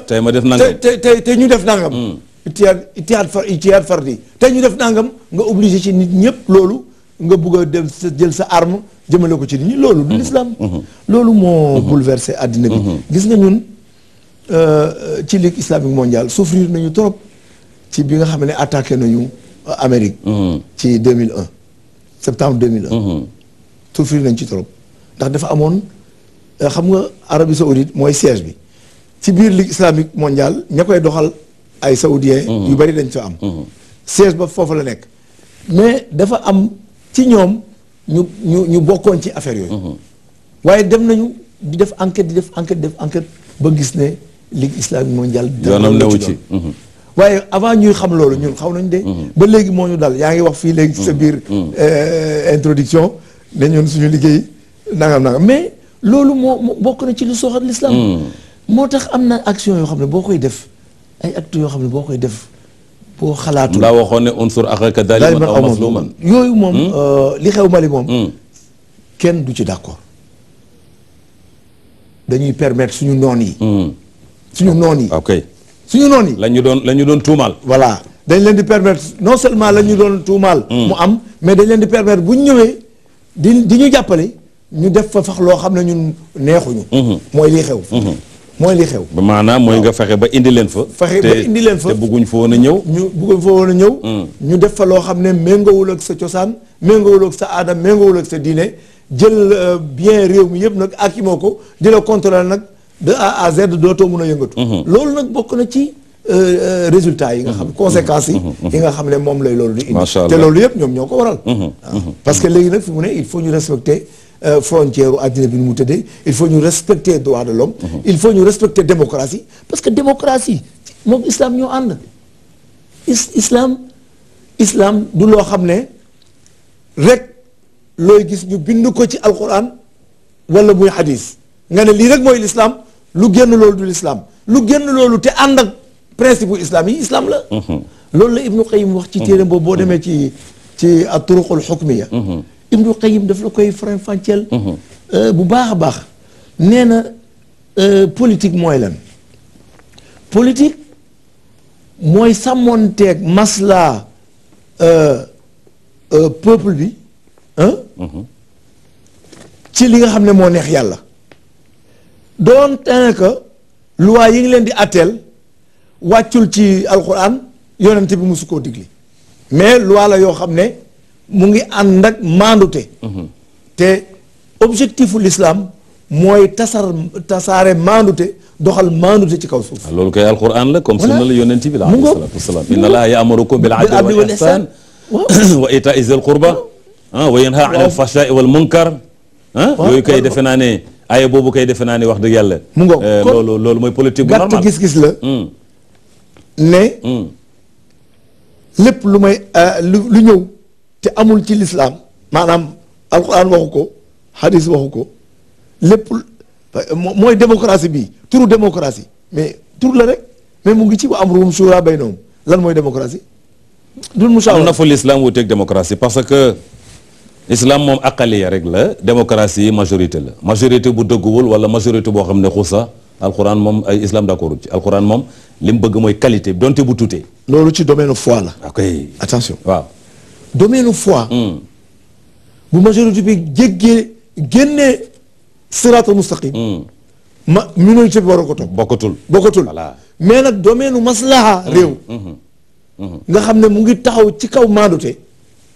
tey ma def nangam tey tey ñu def nangam. Mm. itihaad itihaad far itihaad fardi tey ñu def nangam nga obligé ci nit ñëpp loolu nga bugg a dem sa jël sa arme jëmale ko ci nit ñi loolu du mm-hmm. l'islam mm-hmm. loolu moo mm-hmm. bouleversé àddina bi gis nga ñun euh, ci ligue islamique mondial souffrir nañu trop ci bi nga xam ne attaqué nañu euh, Amérique ci 2001 septembre 2001 souffrir nañ ci trop ndax dafa amoon euh, xam nga Arabie Saoudite mooy siège bi ci biir ligue islamique mondial ña koy doxal ay saoudiens mm-hmm. yu bari dañ fa am mm-hmm. siège ba foofu la nekk mais dafa am ci ñoom ñu ñu ñu bokkoon ci affaire yooyu mm-hmm. waaye dem nañu di def enquete di def enquête def enquête ba gis ne ligue islamique mondiale yoonam newu ci waaye avant ñuy xam loolu ñun xaw nañu de ba léegi moo ñu daal yaa ngi wax fii léegi sa biir euh, introduction ne suñu liggéey nangam mais loolu moo bokk na ci lu soxal l'islam moo tax am na action yoo xam ne boo koy def ay actes yoo xam ne boo koy def boo xalaatu laa waxoon ne unsur axaka daaliman aw masluman yooyu moom hmm? euh, li xew li moom hmm. kenn du ci d'accord dañuy permettre suñu noon yi hmm. suñu noon yi ok suñu noon yi lañu doon la ñu doon tuumaal voilà dañ leen di permettre non seulement la doon tuumaal mu am mais dañ leen di permettre bu ñu ñëwee di di ñu jàppale ñu def fa fax loo xam ne ñun neexuñu mooy lii xew mooy li xew. ba maanaam mooy nga fexe ba indi leen fa. fexe ba indi leen fa te bëgguñ fa woon a ñëw. ñu bëgguñ fa woon a mm. ñu def fa loo xam ne méngoowul ak sa cosaan méngoowul ak sa aadam méngoowul ak sa diine jël euh, bien réew mi yëpp nag akimoo ko di la contrôler nag de A à Z dootoo mun a yëngatu. Mm-hmm. loolu nag bokk na ci. Euh, euh, résultats yi nga xam mm-hmm. conséquences yi mm-hmm. yi nga xam ne moom lay loolu di indi te loolu yëpp ñoom ñoo ko waral ah. parce que léegi nag fi mu ne il faut ñu respecter Euh, frontière àddina bi nu mu tëddee il faut ñu respecter droit de l'homme mhm. il faut ñu respecter démocratie parce que démocratie moom islam ñu ànd islam islam du loo xam ne rek looy gis ñu bind ko ci alquran wala muy hadis nga ne lii rek mooy l'islam lu génn loolu du l'islam lu génn loolu te ànd ak principe bu islam yi islam la mhm. loolu la Ibnu Qayyim wax ci téere mhm. boobu boo demee ci ci at-turuqul hukmiyya Ibnu Qayyim daf la koy faram-fàcceel. Euh, bu baax a baax nee na euh, politique mooy lan politique mooy sàmmoonteeg masla euh, peuple bi mhm. ci li nga xam ne moo neex yàlla doon tant que loi yi ngi leen di atteel wàccul ci alquran yonent bi mosu koo digli mais loi la yoo xam ne mu ngi ànd ak maandute mhm. te objectifu l'islam mooy tasar tasaare maandute doxal maandute ci kaw suuf ah, loolu kay alquran la comme sunna la yonent bi la alayhi salaatu wasalaam inna allaha ya'murukum bil adli wal ihsan wa ita'i zil qurba ah, wa yanha anil fahsha'i wal munkar ah, yooyu kay defe naa ne aaya boobu kay defe naa ne wax dëgg yàlla mu ngoog eh, loolu loolu mooy politique bu normal gàtt gis-gis la hmm. ne hmm. lépp lu may euh, lu ñëw te amul ci lislaam maanaam alquran waxu ko hadis waxu ko lépp mooy démocratie bi turu démocratie mais tur la rek mais mu ngi ci wa amruhum shura baynahum lan mooy démocratie dul musaawara am na fa lislaam wuuteeg démocratie parce que islam moom aqaliya rek la démocratie yi majorité la majorité bu dëgguwul wala majorité boo xam ne xusa alquran moom ay islam d'accord ci alquran moom li mu bëgg mooy qualité donte bu tuutee loolu ci domaine foi la ok attention waaw domaine foi hmm. bu majorité bi jéggee génnee siraatal mustaqim hmm. ma minorité bi war a ko topp bokkatul bokkatul mais nag domaine u maslaha hmm. réew nga xam ne mu ngi taxaw ci kaw maandute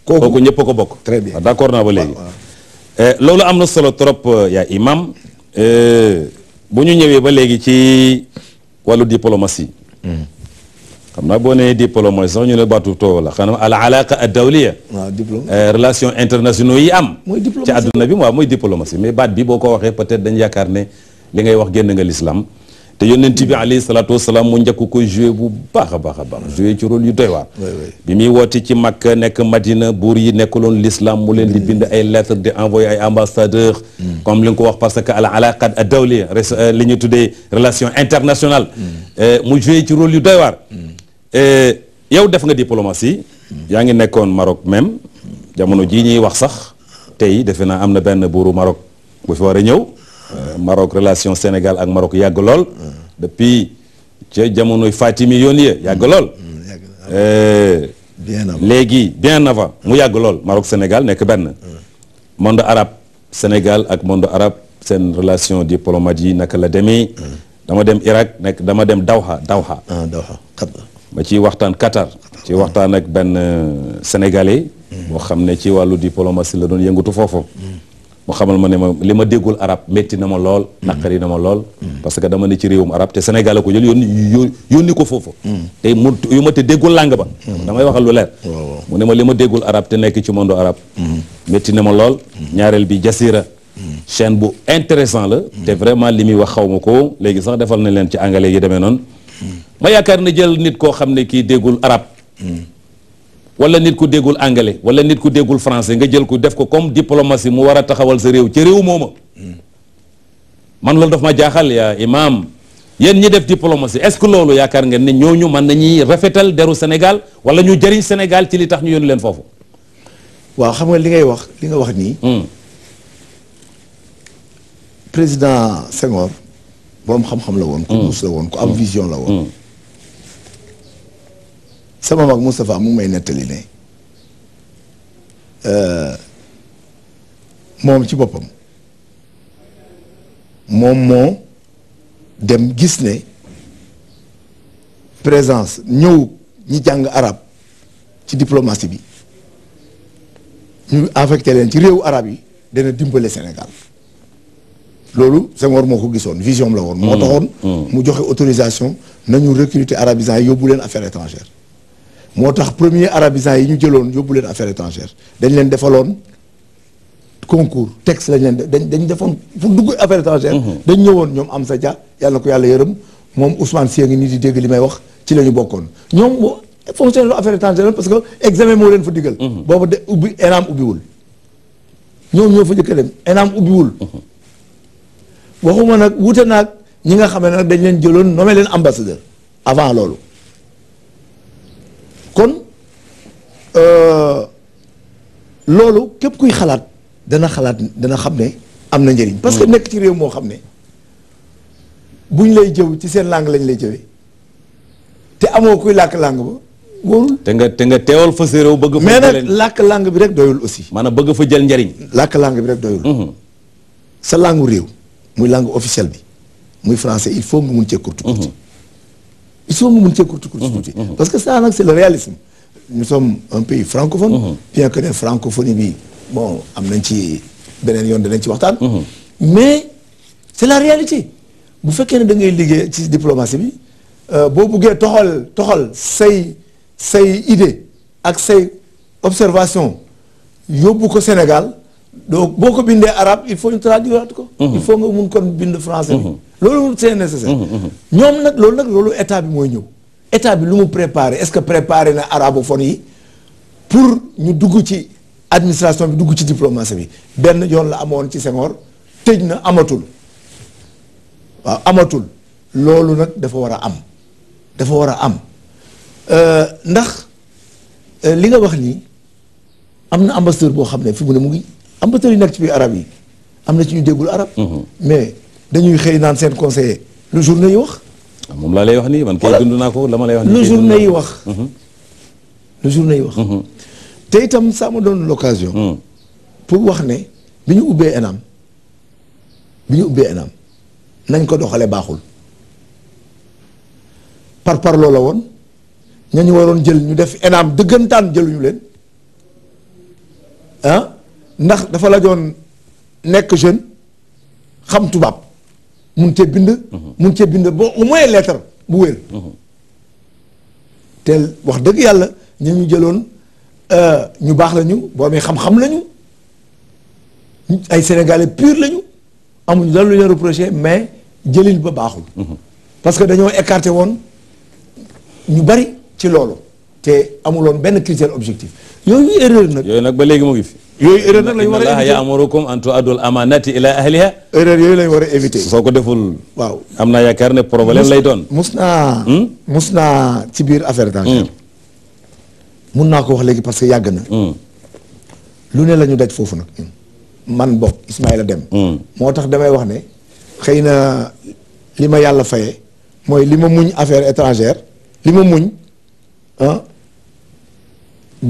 kooku ñëpp ko bokk très bien ah, d'accord naa ba léegi eh, loolu am na solo trop euh, yaa imam euh, bu ñu ñëwee ba léegi ci wàllu diplomatie xam naa boo nee diplôme mooy sax ñu ne baatu too la xanaa al alaqa ad eh, yi am ci àdduna bi waaw mooy diplomatie mais baat bi boo ko waxee peut-être dañ yaakaar ne li ngay wax génn nga l'islam te yonent bi alayhi salaatu wasalaam mu njëkk ko joué bu baax a baax a baax joué ci muy woote ci Makka nekk Madina buur yi nekkuloon l'islam mu leen bind ay lettres di envoyé ay ambassadeurs hmm. comme li nga ko wax parce que al alaqat ad dawliya euh, li ñu tuddee relation internationale hmm. eh, mu joué ci rôle yu doy waar hmm. Eh, yow def nga diplomatie yaa ngi nekkoon Maroc même jamono jii ñuy wax sax tey defe naa am na benn buuru Maroc bu fi war a ñëw. Eh, Maroc relation Sénégal ak Maroc yàgg lool. depuis ca jamonoy Fatimi yoon yee yàgg mm. lool. Mm, eh, bien léegi bien avant mu yàgg lool Maroc Sénégal nekk benn. Mm. monde arab Sénégal ak monde arab seen relation diplomate yi naka la demee. dama dem Irak nekk dama dem Dawha Dawha. Ah, ma ci waxtaan Qatar ci waxtaan ak benn euh, sénégalais moo mm. xam ne ci wàllu diplomatie la doon yëngatu foofu moo xamal ma ne ma li ma déggul arab métti na ma lool mm. naqari na ma lool mm. parce que dama ne ci réewum arab te sénégalais ko jël yónni yónni ko foofu te mu yu ma te déggul langue ba damay waxal lu leer mu ne ma li ma déggul arab te nekk ci monde arab métti na ma lool ñaareel bi jasira chaîne bu intéressant la te vraiment li muy wax xaw ma ko léegi sax defal na leen ci anglais yi demee noonu ma yaakaar ne jël nit koo xam ne kii déggul arab wala nit ku déggul anglais wala nit ku déggul français nga jël ko def ko comme diplomatie mu war a taxawal sa réew ci réew mooma man loolu daf ma jaaxal yaa imaam yéen ñi def diplomatie est-ce que loolu yaakaar ngeen ne ñooñu mën nañuy rafetal deru Sénégal wala ñu jëriñ Sénégal ci li tax ñu yónni leen foofu waaw xam nga li ngay wax li nga wax nii hmm. président Senghor boroom xam-xam la woon ku hmm. muus la woon ku am hmm. vision la sama mag Moustapha mu may nettali ne euh, moom ci boppam moom moo dem gis ne présence ñëw ñi jàng arab ci diplomatie bi ñu affecté leen ci réewu arab yi dana dimbale Sénégal loolu Senghor moo ko gisoon vision la woon moo mm, taxoon mm. mu joxe autorisation nañu recruter arabisants yóbbu leen affaires étrangères moo tax premier arabisant yi ñu jëloon yóbbu leen affaire étrangère dañ leen defaloon concours texte lañ leen dañ dañ defoon pour dugg affaire étrangère. Mhm. dañ ñëwoon ñoom am sa ja yàlla ko yàlla yërëm moom Ousmane Sy ngi nii di dégg li may wax ci la ñu bokkoon ñoom boo fonctionnaire affaire étrangère parce que examen moo leen fa digal. Mhm. boobu de ubbi ENAM ubbiwul. ñoom ñoo fa njëkk a dem ENAM ubbiwul. Mhm. waxuma nag wuute nag ñi nga xam ne nag dañ leen jëloon nommé leen ambassadeur avant loolu. kon euh, loolu képp kuy xalaat dana xalaat dana xam ne am na njëriñ. parce que mm. nekk ci réew moo xam ne buñ lay jëw ci seen langue lañ lay jëwee te amoo kuy làkk langue ba wóorul. te nga te nga teewal fa sa réew bëgg. fa mais làkk langue bi rek doyul aussi. maanaam bëgg fa jël njariñ làkk langue bi rek doyul. Mm-hmm. sa langue réew muy langue officielle bi muy français il faut nga mun cee kurtu kurtu. il faut mu mun cee kurti kurti parce que ça nag c'est le réalisme nous sommes un pays francophone mmh. bien que ne francophonie bi bon am nañ ci beneen yoon danañ ci waxtaan mmh. mais c'est la réalité bu fekkee ne da ngay liggéey ci diplomatie bi euh, boo buggee toxal toxal say say idée ak say observation yóbbu ko Sénégal donc boo ko bindee arabe il faut ñu traduire ko. Mhm. il faut nga mun kon bind français bi. Mhm. loolu c'est nécessaire. Mhm, ñoom nag loolu nag loolu état bi mooy ñëw. état bi lu mu préparé est-ce que préparé na arabophone yi pour ñu dugg ci administration bi dugg ci diplomatie bi benn yoon la amoon ci Senghor tëj na amatul waaw amatul loolu nag dafa war a am dafa war a am euh, ndax euh, li nga wax nii am na ambassadeur boo xam ne fi mu ne mu ngi. ambassadeurs yi nekk ci biir arab yi am na ci ñu déggul arab mhm. mais dañuy xëy naan seen conseiller le journée yi wax ah, moom laa lay wax nii man kay dund naa ko la lay wax le mhm. journée yi wax le journée yi wax te itam ça doon l'occasion mhm. pour wax ne bi ñu ubbee ENAM bi ñu nañ ko doxalee baaxul par par loola woon ñañu waroon jël ñu def ENAM dëggantaan jëluñu leen ah? ndax dafa laajoon nekk jeune xam tubaab mun cee bind. Mhm. mun cee bind boo au moins lettre bu wér. Mhm. te wax dëgg yàlla ñu ñu jëloon euh, ñu baax la ñu boroom xam-xam la ay sénégalais pur la ñu amuñu lan lu leen reproché mais jëlil ba baaxul. Mhm. parce que dañoo écarté woon ñu bari ci loolu. te amuloon benn critère objectif yooyu erreur nag. yooyu nag ba léegi mu ngi fi. yooyu erreur nag lañ war a éviter inna Allaha ya'murukum an tu'addul amanati ila ahliha soo ko deful. waaw am naa yaakaar ne problème lay doon. mus naa. Hmm? mus naa ci biir affaire d'argent. Hmm. naa ko wax léegi parce que yàgg na. Hmm. lu la ñu daj foofu nag. man bokk Ismaïla Dem. moo tax damay wax ne xëy na li ma yàlla faye mooy li ma muñ affaire étrangère li ma muñ ah,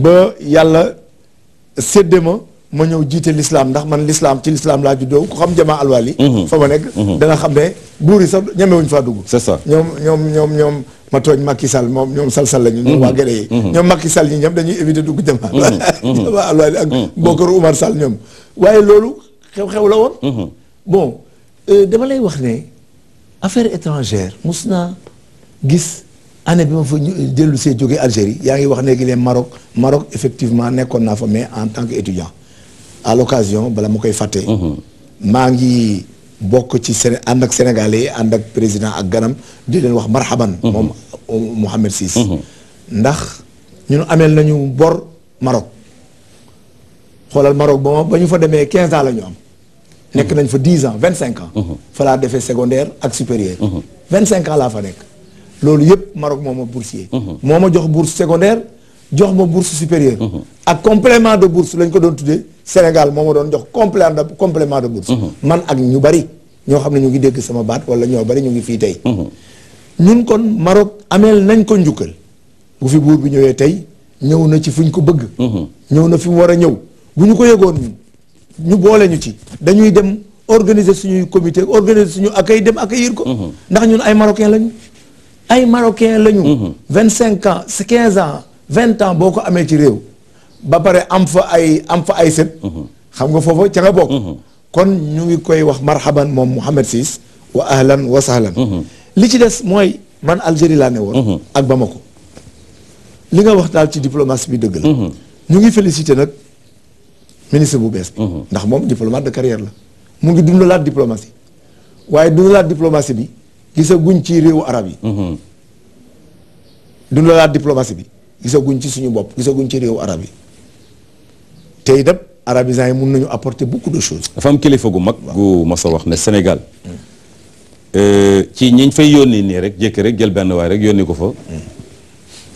ba yàlla. séddee ma ma ñëw jiite lislaam ndax man lislaam ci lislaam laa juddoo ku xam jamaa alwali mhm. fa ma nekk mhm. dana xam ne buur yi sax ñemewuñ faa dugg c'est ça ñoom ma tooñ Macky Sall moom ñoom salsal lañu ñoom mhm. waa gëre yi ñoom Macky Sall ñi ñoom dañuy éviter dugg jamaa jamaa alwali ak Bokar Oumar Sall ñoom waaye loolu xew-xew la woon bon euh, dama lay wax ne affaire étrangère mus naa gis année bi ma fu dellu see jógee Algérie yaa ngi wax léegi leen Maroc Maroc effectivement nekkoon naa fa mais en tant que étudiant à bala ma koy fàtte. Mm-hmm. maa ngi bokk ci Séné ànd ak sénégalais ànd ak président ak ganam di leen wax marhaban. Mm-hmm. moom Mohamed Ciss. Mm-hmm. ndax ñun ameel nañu bor Maroc xoolal Maroc ba ba ñu fa demee quinze ans la ñu am. nekk nañ fa 10 ans 25 ans. fa laa defee secondaire ak supérieur. 25 ans laa fa nekk. loolu yëpp Maroc moo ma boursier. Mhm. moo ma jox bourse secondaire jox ma bourse supérieure. Mhm. ak complément de bourse lañ ko doon tuddee Sénégal moo ma doon jox complément de complément mhm. man ak ñu bari ñoo xam ne ñu ngi dégg sama baat wala ñoo bari ñu ngi fii tey. ñun kon Maroc ameel nañ ko njukkal bu fi buur bi ñëwee tey ñëw na ci fuñ ko bëgg. ñëw na fi mu war a ñëw bu ñu ko yëgoon ñu boole ñu ci dañuy dem organiser suñuy comité organiser suñu accueil dem accueillir ko. ndax ñun ay marocains lañu. ay marocain la ñu. Mhm. vingt cinq ans quinze vingt ans boo ko amee ci réew. ba pare am fa ay am fa ay sët. Mhm. xam nga foofa ca nga bokk. Mhm. kon ñu ngi koy wax marhaban moom Mouhamed Siis wa ahlan wa sahlan. li ci des mooy man Algérie laa ne woon. ak Bamako. li nga wax daal ci diplomatie bi dëgg la. ñu ngi félicité nag ministre bu bees bi. ndax moom diplomate de carrière la. mu ngi dundalaat diplomatie. waaye dundalaat diplomatie bi. gisaguñ ci réewu arab yi. Mhm. du la laat diplomatie bi gisaguñ ci suñu bopp gisaguñ ci réewu arab yi tey itam arabisants yi mun nañu apporter beaucoup de choses. dafa am kilifa gu mag gu masa wax ne Sénégal. Mm. Euh, ci ñiñ fay yónni nii rek jékki rek jël benn waay rek yónni ko fa. Mm.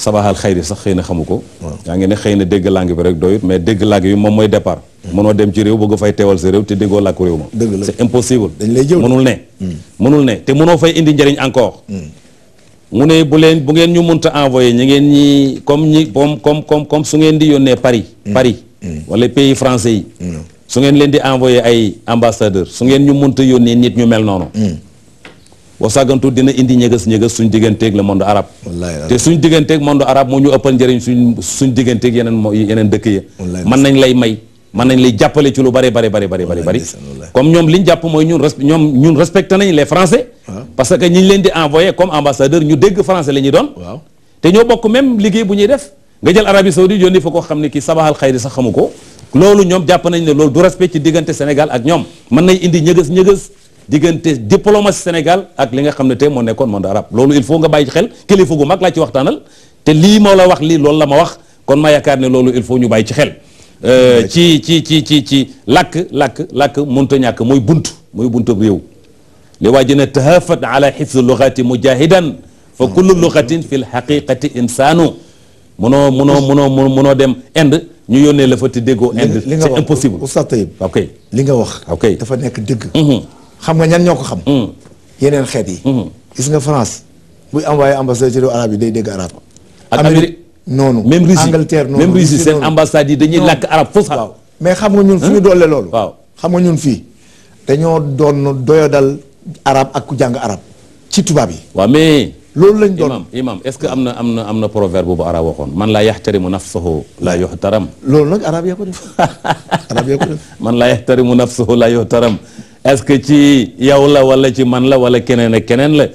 sabaxal xayri sax xëy na xamu ko. yaa ngi ne xëy na dégg langue bi rek doyut mais dégg langue bi moom mooy départ. mënoo dem ci réew bëgg fay teewal sa réew te déggoo làkku réew ma c'est impossible dañ lay jëw mënul ne hmm. mënul ne te mënoo fay indi njëriñ encore hmm. mu ne bu leen bu ngeen ñu mënta envoyé ñu ngeen ñi comme ñi comme comme comme su ngeen di yónnee Paris hmm. Paris wala pays français yi su ngeen leen di envoyé ay ambassadeur su ngeen ñu mënta yónnee nit ñu mel noonu boo sàggantu dina indi ñëgës ñëgës suñ digganteeg le monde arabe te suñ digganteeg monde arab moo ñu ëppal njëriñ suñ suñ digganteeg yeneen yeneen dëkk ya mën nañ lay may mën nañ lay jàppale ci lu bari bari bari bari bari bari comme ñoom li ñu jàpp mooy ñun ñoom ñun respecté nañ les français parce que ñi ñu leen di envoyé comme ambassadeur ñu dégg français la ñuy doon te ñoo bokk même liggéey bu ñuy def nga jël Arabie Saoudite yónni fa ko xam ne kii sabaxal xayri sax xamu ko loolu ñoom jàpp nañ ne loolu du respect ci diggante Sénégal ak ñoom mën nañ indi ñëgës ñëgës diggante diplomatie Sénégal ak li nga xam ne tey moo nekkoon monde ara loolu il faut nga bàyyi xel kilifa gu mag laa ci waxtaanal te moo la wax lii la ma wax kon ma yaakaar ne loolu il faut ñu bàyyi ci xel Euh, ci ci ci ci ci làkk làkk làkk mënta ñàkk mooy bunt mooy bunt réew li waa ji ne tahafat ala xifse lugati mujahidan fa kullu lugatin fi lxaqiqati insaanu munoo munoo munoo munoo dem ind ñu yónnee la fa te déggoo Inde c'est impossible oustaz Taïb li nga wax ok dafa nekk dëgg mhm. xam nga ñan ñoo ko mhm. yeneen xeet yi mhm. gis nga France buy envoyé ambassadeur ci réew arab yi day dégg arab ak noonu même Russie Angleterre noonu même Russie seen ambassade yi dañuy làkk arab fos waaw mais xam nga ñun fu ñu doole loolu waaw xam nga ñun fii dañoo doon doyadal arab ak ku jàng arab ci tubaab yi waaw mais loolu lañ doon imam imam est-ce que am na am na am na proverbe boobu arab waxoon man laa yaxtarimu nafsahu laa yuxtaram loolu nag arab yaa ko def arab yaa ko def man laa yaxtarimu nafsahu laa yuxtaram est-ce que ci yow la wala ci man la wala keneen ak keneen la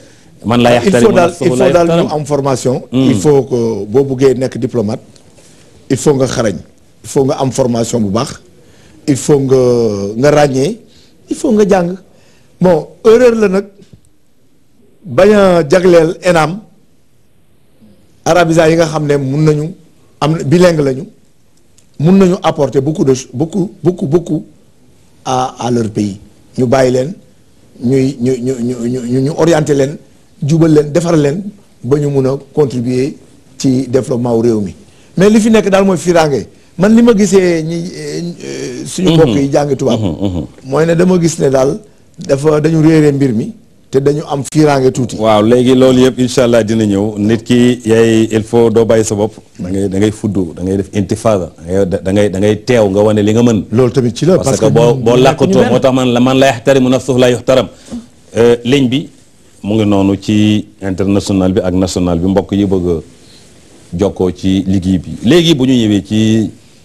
man laa il faut daal il faut daal ñu am formation. Hmm. il faut que boo buggee nekk diplomate. il faut nga xarañ. il faut nga am formation bu baax. il faut nga nga ràññee. il faut nga jàng bon erreur la nag bañ jagleel ENAM arabisants yi nga xam ne mun nañu am bilingue lañu mun nañu apporter beaucoup de beaucoup beaucoup beaucoup à à leur pays ñu bàyyi leen ñuy ñu ñu ñu leen. jubal leen defar leen ba ñu mun a contribuer ci développement wu réew mi mais li fi nekk daal mooy firange man li ma gisee ñi eh, eh, suñu mhm. mbokk yi jàng tubaab mhm, mhm. mooy ne dama gis ne daal dafa dañu réere mbir mi te dañu am firange tuuti waaw léegi loolu yëpp incha allah dina ñëw nit ki yaay il faut doo bàyyi sa bopp da ngay da ngay fuddu da ngay def intifada da ngay da ngay teew nga wane li nga mën loolu tamit ci la parce que boo boo làqatoo moo tax man la man la yaxtarimu nafsuhu la yuxtaram eh, liñ bi mu ngi noonu ci international bi ak national bi mbokk yi bëgg a ci liggéey bi léegi bu ñu ñëwee ci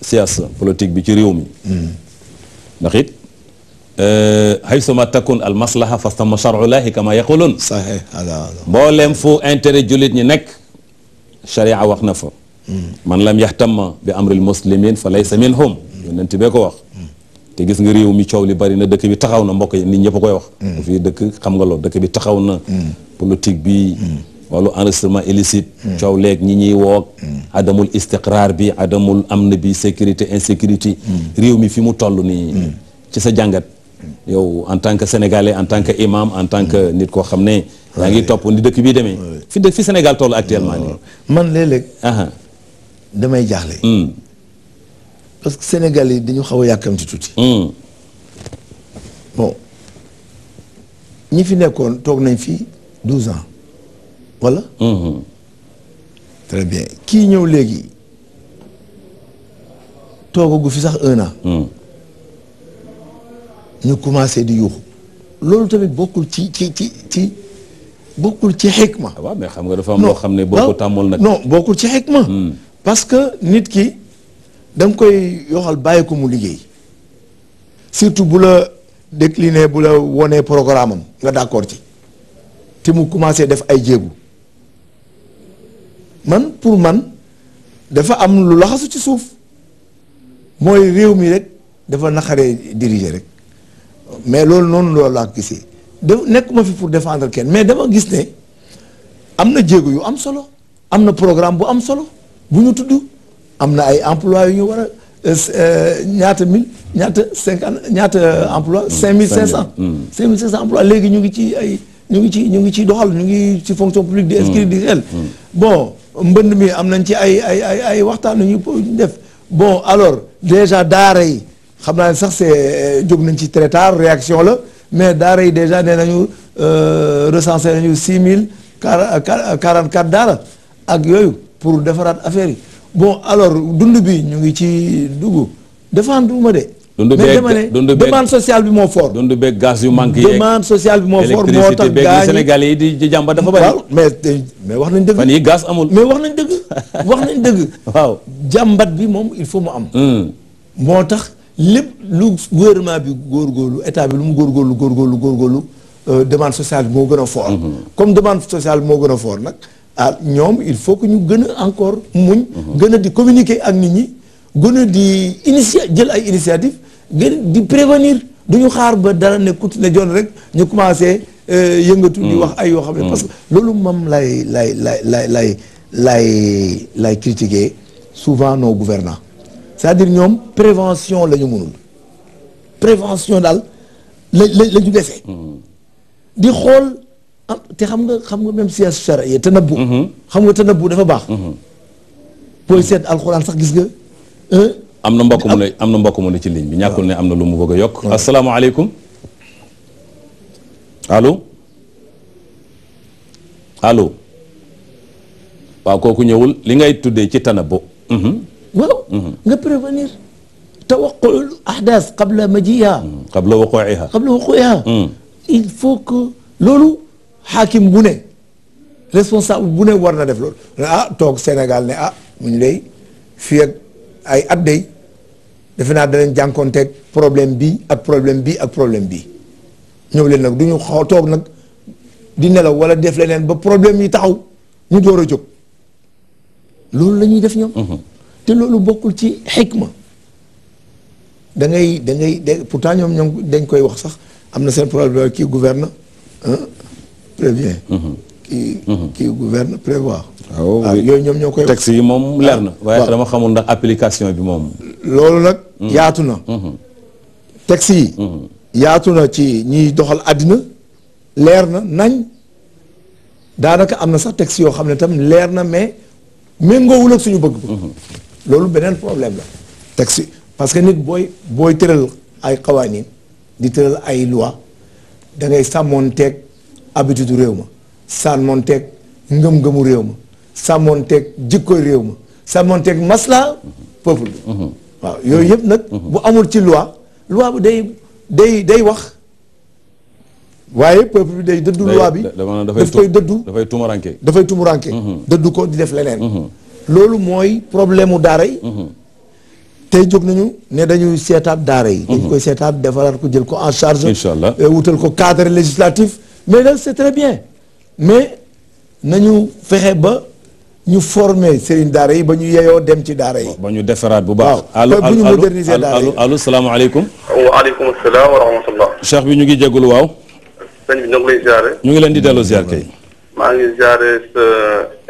siyaasa politique bi ci réew mi ndax it euh, haysuma takun al maslaha fastama charulaahi kama yaqulun sahih mbooleem fu intérêt jullit ñi nekk sharia wax na fa mm. man lam yaxtamma bi amril muslimin fa laysa minhum mm. yonent bee ko wax te gis nga réew mi coow li bari na dëkk bi taxaw na mbokk yi nit ñëpp a koy wax. bu mm. fi dëkk xam nga loolu dëkk bi taxaw na. Mm. politique bi. Mm. wàllu enregistrement illicite. coow leeg ñi ñuy woog. adamul istiqraar bi am na bi sécurité insécurité. réew mi fi mu toll nii. ci sa jàngat. yow en tant que sénégalais en tant que imam en tant que nit koo xam ne. yaa ngi topp ni dëkk bi demee. fi de fi Sénégal toll actuellement nii. man léeg-léeg. damay jaaxle. parce que Sénégal yi dañu xaw a yàkkamti tuuti. Hmm. bon ñi fi nekkoon toog nañ fi douze ans wala. Hmm. très bien kii ñëw léegi toogagu fi sax un an. Hmm. ñu commencé di yuuxu. loolu tamit bokkul ci ci ci ci bokkul ci xikma. Ah waaw mais xam nga dafa am loo xam ne boo ko tàmmool nag. bokkul ci xikma. parce que nit ki. da nga koy yoxal bàyyi ko mu liggéey surtout bu la décliné bu la wonee programme am nga d'accord ci te mu commencé def ay jéegu man pour man dafa am lu laxasu ci suuf mooy réew mi rek dafa naqaree diriger rek mais loolu noonu loolu laa gisee da nekkuma fi pour défendre kenn mais dama gis ne am na jéego yu am solo am na programme bu am solo bu ñu tudd am na ay emploi yu ñu war a euh, euh, ñaata mille ñaata cinquante ñaata emploi hmm, cinq mille cinq cent cinq mille hmm. cinq cent emploi léegi ñu ngi ci ay ñu ngi ci ñu ngi ciy doxal ñu ngi ci fonction publique di inscrire hmm. di xel bon mbënd mi am nañ ci ay ay ay ay waxtaan ñu def bon alors déjà daara yi xam naa ne sax c'est euh, jóg nañ ci très tard réaction la mais daara yi déjà nee nañu recensé nañu six mille quarante quatre daara ak yooyu pour defaraat affaire yi bon alors dund bi ñu ngi ci dugg défendre ma de. dund beeg mais dama ne demande bi moo fort. dund beeg gaz yu manqué yeeg demande sociale bi moo fort moo tax Sénégal yi di jàmba dafa bari. waaw mais mais wax nañ dëgg. fan yii gaz amul. mais wax nañ dëgg wax nañ dëgg. waaw jàmbat bi moom il faut mu am. Hmm. moo tax lépp lu gouvernement bi góor góorgóorlu état bi lu mu góorgóorlu góorgóorlu lu euh, demande sociale bi moo gën a fort. Hmm. comme demande social bi moo gën a foor nag. ah ñoom il faut que ñu gën a encore muñ. gën a di communiquer ak nit ñi. gën di initia jël ay initiative gën di prévenir du ñu xaar ba dara ne ku ne joon rek ñu commencé. Euh, yëngatu di wax ay yoo xam ne mm. parce que loolu moom lay lay lay lay lay lay lay critiquer souvent no gouvernants c'est-à-dire ñoom prévention la ñu mënul prévention daal la la la ñu desee mm. di xool Ah, te xam nga xam nga même siyaas mhm. xam nga tanabbu dafa baax mhm. booy seet alxuraan sax gis nga am na mbokk mu ne na mbokk ci ligne bi ñàkkul ne am na lu mu bëgg a yokk asalaamaaleykum allo allo waaw kooku ñëwul li ngay tuddee ci tanabbu mhm. waaw nga prévenir tawaqqul ahdaas qabla majiha qabla wuquiha il faut que loolu xaakim bu ne responsable bu ne war na def loolu ah toog Sénégal ne ah mu ñu dey fii ay at defe naa danañ jànkoonteeg problème bi ak problème bi ak problème bi ñëw leen nag du ñu xaw toog nag di nelaw wala def leen ba problème yi taxaw mu door a jóg loolu la ñuy def ñoom. Mhm. te loolu bokkul ci xikma dangay ngay da ngay ñoom ñoom dañ koy wax sax am na seen problème kii gouverne prévient. Mhm. qui qui gouverne ah, oh, ah, yooyu ñoom ñoo koy. texte yi moom leer na. waaye dama xamul ndax application bi moom. loolu nag. Mhm. yaatu na. Mhm. texte yi. yaatu na ci ñi doxal àddina. leer na nañ. daanaka am na sax texte yoo xam ne tam leer na mais méngoowul ak suñu bëgg. loolu beneen problème la. texte parce que nit booy booy tëral ay xawaanin di tëral ay loi da sàmmoon teeg habitude réew ma sàmmoonteeg ngëm-ngëmu réew ma sàmmoonteeg jikkoy réew ma sàmmoonteeg masla peuple bi mhm. waaw yooyu yëpp nag mhm. bu amul ci loi loi bi day day day wax waaye peuple bi day dëddu loi bi daf koy dëddu dafay tumuranke mhm. dëddu ko di def leneen loolu mooy problème daara yi tey jóg nañu ne dañuy seetaat daara yi dañ koy seetaat defaraat ko jël ko en charge wutal ko cadre législatif mais loolu c'est très bien mais nañu fexe ba ñu former sëriñ daara yi ba ñu yeyoo dem ci daara yi. ba ñu defaraat bu baax. allo allo bu ñu moderniser daara yi allo salaamaaleykum. waaleykum salaam wa rahmatullah. cheikh bi ñu ngi jégalu waaw. sëñ bi ñu ngi lay ziare. ñu ngi leen di delloo ziar kay. maa ngi ziare sa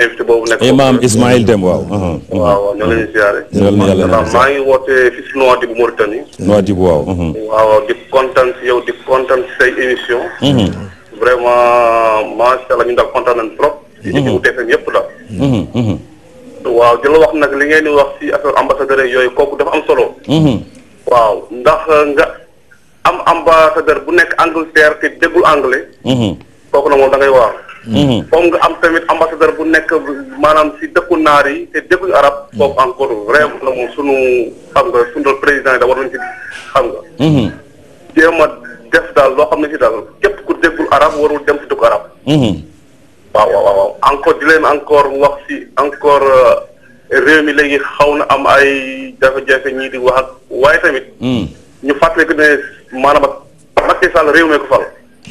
invité boobu nekk. imam Ismaïl Dem waaw. waaw uh-huh, uh-huh. ñu ngi leen di ziare. maa ngi wootee fii si Nouadhibou Mauritanie. Nouadhibou waaw. Uh-huh. waaw di kontaan si yow di kontaan si say émission. vraiment macha allah ñu daal kontaan nañ trop. Mhm. ci équipe TFM yëpp daal. Mhm, mhm. waaw di wax nag li ngeen di wax ci affaire ambassadeur yooyu kooku dafa am solo. waaw ndax nga am ambassadeur bu nekk Angleterre te déggul anglais. kooku na moom da ngay waar. comme nga am tamit ambassadeur bu nekk maanaam si dëkku naar yi te dégguñu arab kooku encore vraiment moom sunu xam nga sunu président yi da war nañu ci xam nga. jéem def daal loo xam ne si daal képp ku déggul arab warul dem si dugg arab mhm. waaw waaw waaw encore di leen encore wax si encore euh, réew mi léegi xaw na am ay jafe-jafe ñii di wax ak waaye tamit. Mhm. ñu fàttali ko ne maanaam ak réew mee ko fal.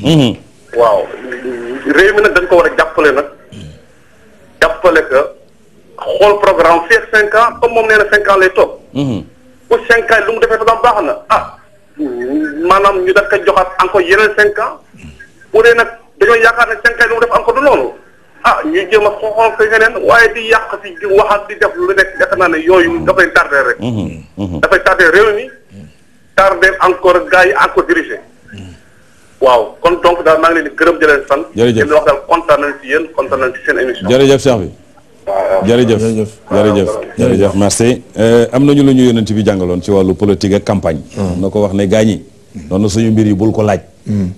Mhm. waaw réew mi nag dañ ko war a jàppale nag jàppale que xool programme fii ak cinq ans comme moom nee cinq ans lay toog. bu cinq ans lu mu defee programme baax na ah. maanaam ñu da ko joxaat encore yeneen cinq ans bu dee nag dañoo yaakaar ne cinq ans yi mu def encore du loolu ah ñuy jéem a xool ko waaye di yàq si di waxaat di def lu nekk defe naa ne yooyu dafay tardé rek. Mm-hmm. Mm-hmm. dafay tardé réew mi tardé encore gars yi encore dirigé. Mm-hmm. waaw kon donc daal maa ngi leen di gërëm di leen sant. jërëjëf di wax daal kontaan nañu si seen émission. bi. jërëjëf jërëjëf jërëjëf merci euh, am na ñu lu ñu yonent bi jàngaloon ci wàllu politique ak campagne hmm. na ko wax ne gaañi noonu suñu mbir yi bul ko laaj hmm.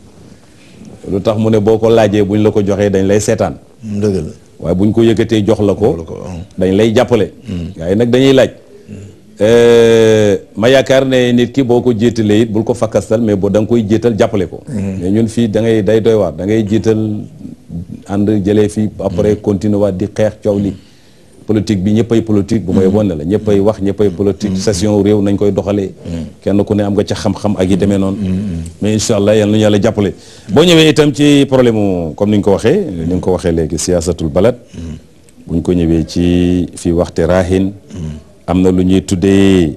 lu tax mu ne boo ko laajee buñ la ko joxee dañ lay seetaan hmm, dëgg la waaye buñ ko yëkkatee jox la ko dañ lay jàppale waaye nag dañuy laaj euh, ma yaakaar ne nit ki boo ko jiitalee it bul ko fakkastal mais boo da koy jiital jàppale ko mais fii da day doy waar da ngay ànd jëlee fi mm-hmm. après continuer waat di xeex coow li politique bi ñëppay politique bu may mm-hmm. wone la ñëppay wax ñëppay politique mm-hmm. session réew nañ koy doxalee kenn ku ne am nga ca xam-xam ak yi demee noonu mais incha allah yal nañu yàlla jàppale boo ñëwee itam ci problème mu comme ni nga ko waxee ni nga ko waxee léegi siyaasatul balad buñ ko ñëwee ci fi waxte raahin am na lu ñuy tuddee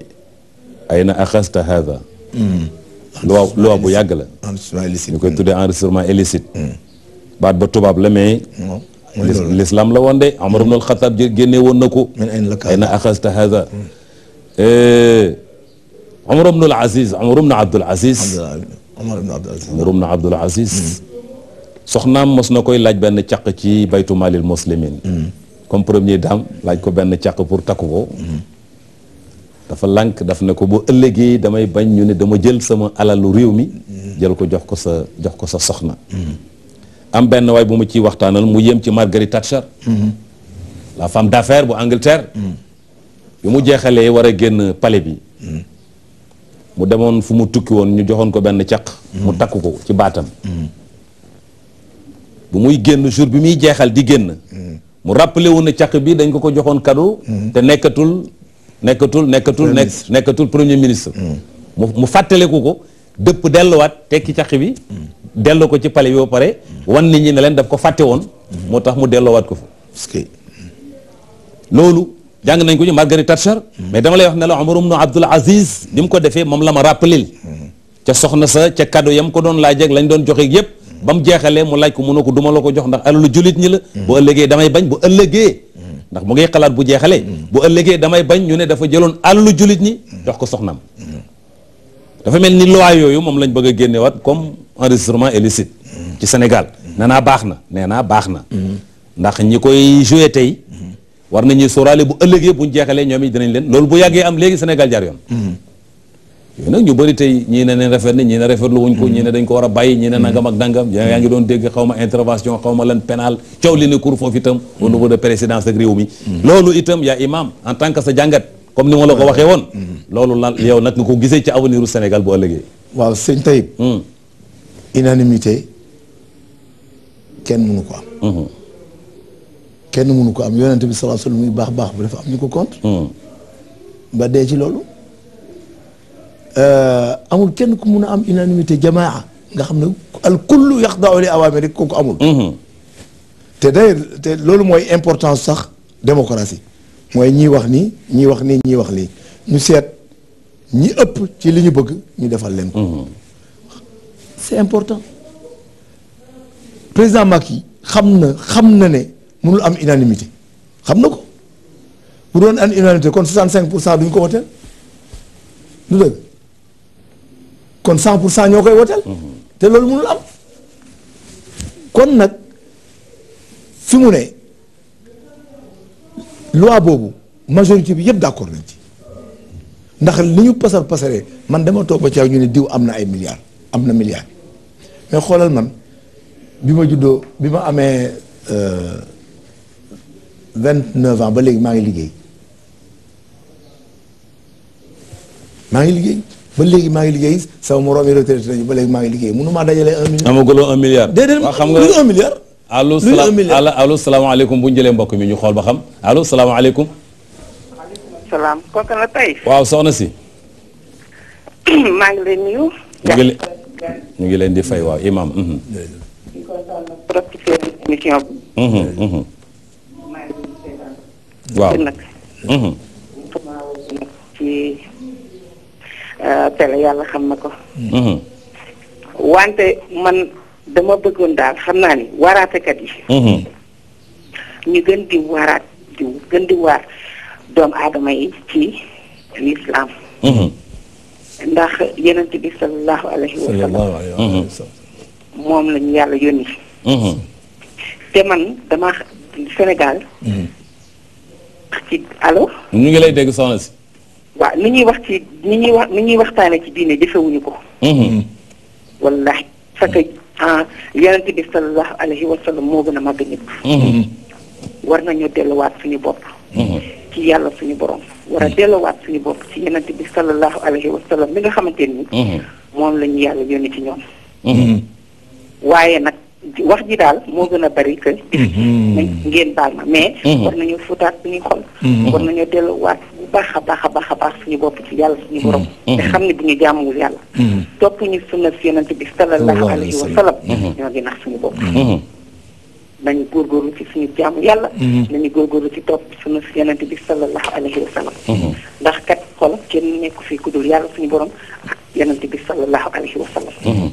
ay na axasta haada loi loi bu yàgg la ñu koy tuddee enregistrement illicite baat ba tubaab la mais. l'islam la woon de. Amar ibn al-Khattab génne woon na ko. ay na axasta hada. Amar hmm. eh, ibn al-Aziz Amar ibn Abdul Aziz. Amar ibn Abdul Aziz Amar ibn Abdul Aziz. Hmm. soxnaam mos na koy laaj benn caq ci baytu malil muslimin. Hmm. comme première dame laaj ko benn caq pour takku ko. dafa lànk daf ne ko bu ëllëgee damay bañ ñu ne dama jël sama alalu réew mi. jël ko jox ko sa jox ko sa soxna. am benn waay bu ma ciy waxtaanal mu yem ci Margaret Thatcher mm-hmm. la femme d'affaires bu Angleterre mm-hmm. bi mu jeexalee war a génn pale bi mm-hmm. mu demoon fu mu tukki woon ñu joxoon ko benn caq mu takk ko ci baatam bu muy génn jour bi muy jeexal di génn mu rappelé woon na caq bi dañ ko ko joxoon cadeau te nekkatul nekkatul nekkatul nekkatul premier ministre mu fàttaleku ko dëpp delluwaat tekki caq bi delloo ko ci pale bi ba pare wan nit ñi ne leen daf ko fàtte woon moo tax mu delloowaat ko fa loolu jàng nañ ko ñu Margaret Thatcher mais dama lay wax ne la Omar ibn Abdul Aziz ni mu ko defee moom la ma rappelil ca soxna sa ca cadeau yam ko doon laaj ak lañ doon joxe yëpp ba mu jeexalee mu laaj ko mu ne ko duma la ko jox ndax alalu jullit ñi la bu damay bañ bu ëllëgee ndax mu ngi xalaat bu jeexalee bu ëllëgee damay bañ ñu ne dafa jëloon alalu jullit ñi jox ko soxnaam dafa mel ni yooyu moom lañ bëgg a génnewaat comme enregistrement illicite ci Sénégal nee naa baax na nee baax na ndax ñi koy joué tey war nañuy sóoraale bu ëllëgee buñ jeexalee ñoom it dinañ leen loolu bu yàggee am léegi Sénégal jaar yoon yooyu nag ñu bëri tey ñii ne neen rafet na ñii ne rafetlu wuñ ko ñi ne dañ ko war a bàyyi ñii ne nangam ak nangam yaa ngi doon dégg xaw ma intervention xaw ma lan pénal coow li ne cour foofu itam au niveau de présidence ak réew mi loolu itam yaa imam en tant que sa jàngat comme ni ma la ko waxee woon loolu lan yow nag nga ko gisee ci avenir u Sénégal bu ëllëgee unanimité kenn mënu ko am. Mhm. kenn mënu ko am yonent bi sallallahu alayhi wasallam muy baax baax bu dafa am ñu ko compte. Mhm. ba dee ci loolu. Euh, amul kenn ku mun a am unanimité jamaa nga xam ne al kullu yaxda'u li awaamir rek kooku amul. Mhm. te day te loolu mooy importance sax démocratie mooy ñii wax nii ñii wax nii ñii wax lii ñu seet ñi ëpp ci li ñu bëgg ñu defal leen ko. c'est important président Macky xam na xam na ne mënul am unanimité xam na ko bu doon am unanimité kon cinq pour cent ñu ko woteel lu dëgg kon 100 pour cent ñoo koy woteel. Mhm. te loolu mënul am kon nag fi mu ne loi boobu majorité bi yëpp d'accord nañ ci ndax li ñu pasar pasaree man dema toog ba ci ñu ne diw am na ay milliards am na milliards. mais xoolal man bi ma juddoo bi ma amee euh, vingt neuf ans ba léegi maa ngi liggéey maa ngi liggéey ba léegi maa ngi liggéey sama morom yi retraité nañu ba léegi maa ngi liggéey mënu maa dajale un milliard. amaguloo un milliard. déedéet xam nga luy un milliard. allo salaam allo salaamaaleykum bu ñu jëlee mbokk mi ñu xool ba xam allo salaamaaleykum. maaleykum salaam kooku la tey. waaw soxna si. maa ngi lay nuyu. ñu ngi leen di fay waaw imam mhm. di kontaan nag trop mhm, mhm. waaw ci télé yàlla xam na ko. wante man dama bëggoon daal xam naa ni waaraatekat yi. ñu gën di waaraat di gën di waar doomu aadama yi ci lislaam. ndax yonent bi sallallahu alayhi wa sallam mhm. moom la ñu yàlla yónni. Mhm. te man dama Sénégal. Mhm. ci allo. ñu ngi lay dégg waaw ni ñuy wax ci ni ñuy wax ni ñuy waxtaanee ci diine jëfewuñu ko. wallaahi fekk ah, yonent bi sallallahu alayhi wa sallam moo gën a màgg ñëpp. war nañoo delluwaat suñu bopp. ci yàlla suñu borom. war a mm. delloowaat suñu bopp ci yonent bi sallallahu alayhi wa sallam bi nga xamante ni. Mm-hmm. moom la ñu yàlla yónni ci ñoom. Mm-hmm. waaye nag wax ji daal moo gën a bari que. Mm-hmm. ngeen baal ma mais. war nañoo fóotaat suñuy xol. war nañoo delloowaat bu baax a baax a baax a baax suñu bopp ci yàlla suñu borom. te xam ne bu ñu jaamuwul yàlla. topp ñu sunna si yonent bi sallallahu alayhi wa ñoo ngi suñu bopp. nañu góorgóorlu ci suñu jaamu yàlla. Mhm. nañu góorgóorlu ci topp suñu yonent bi sallallahu alayhi wa sallam. Mhm. ndax kat xol kenn nekku fi ku dul yàlla suñu borom ak yonent bi sallallahu alayhi wa sallam. Mhm.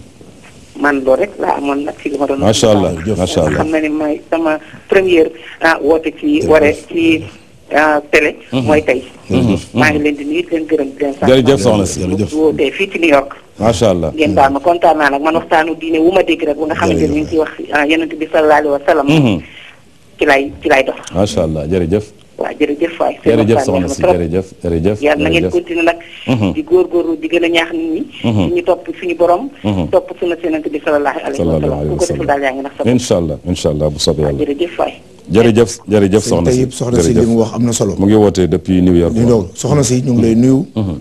man loolu rek la amoon nag ci li ma doon. macha allah macha allah xam na ne may sama première ah, woote ci waree ci. Ah, télé mooy tey maa ngi leen di nuyu leen gërëm di leen sant jërëjëf soxna si jërëjëf wootee fii ci New York macha allah ngeen baal ma kontaan naa nag man waxtaanu diine wu ma dégg rek bu nga xamante ni ñu ngi ciy wax ah, yonent bi mm-hmm. allah jërëjëf waaw jërëjëf waay jërëjëf soxna si jërëjëf na bi soxna si soxna mu wax am na solo mu ngi wootee depuis New York soxna si ñu ngi lay mm-hmm. nuyu mm-hmm.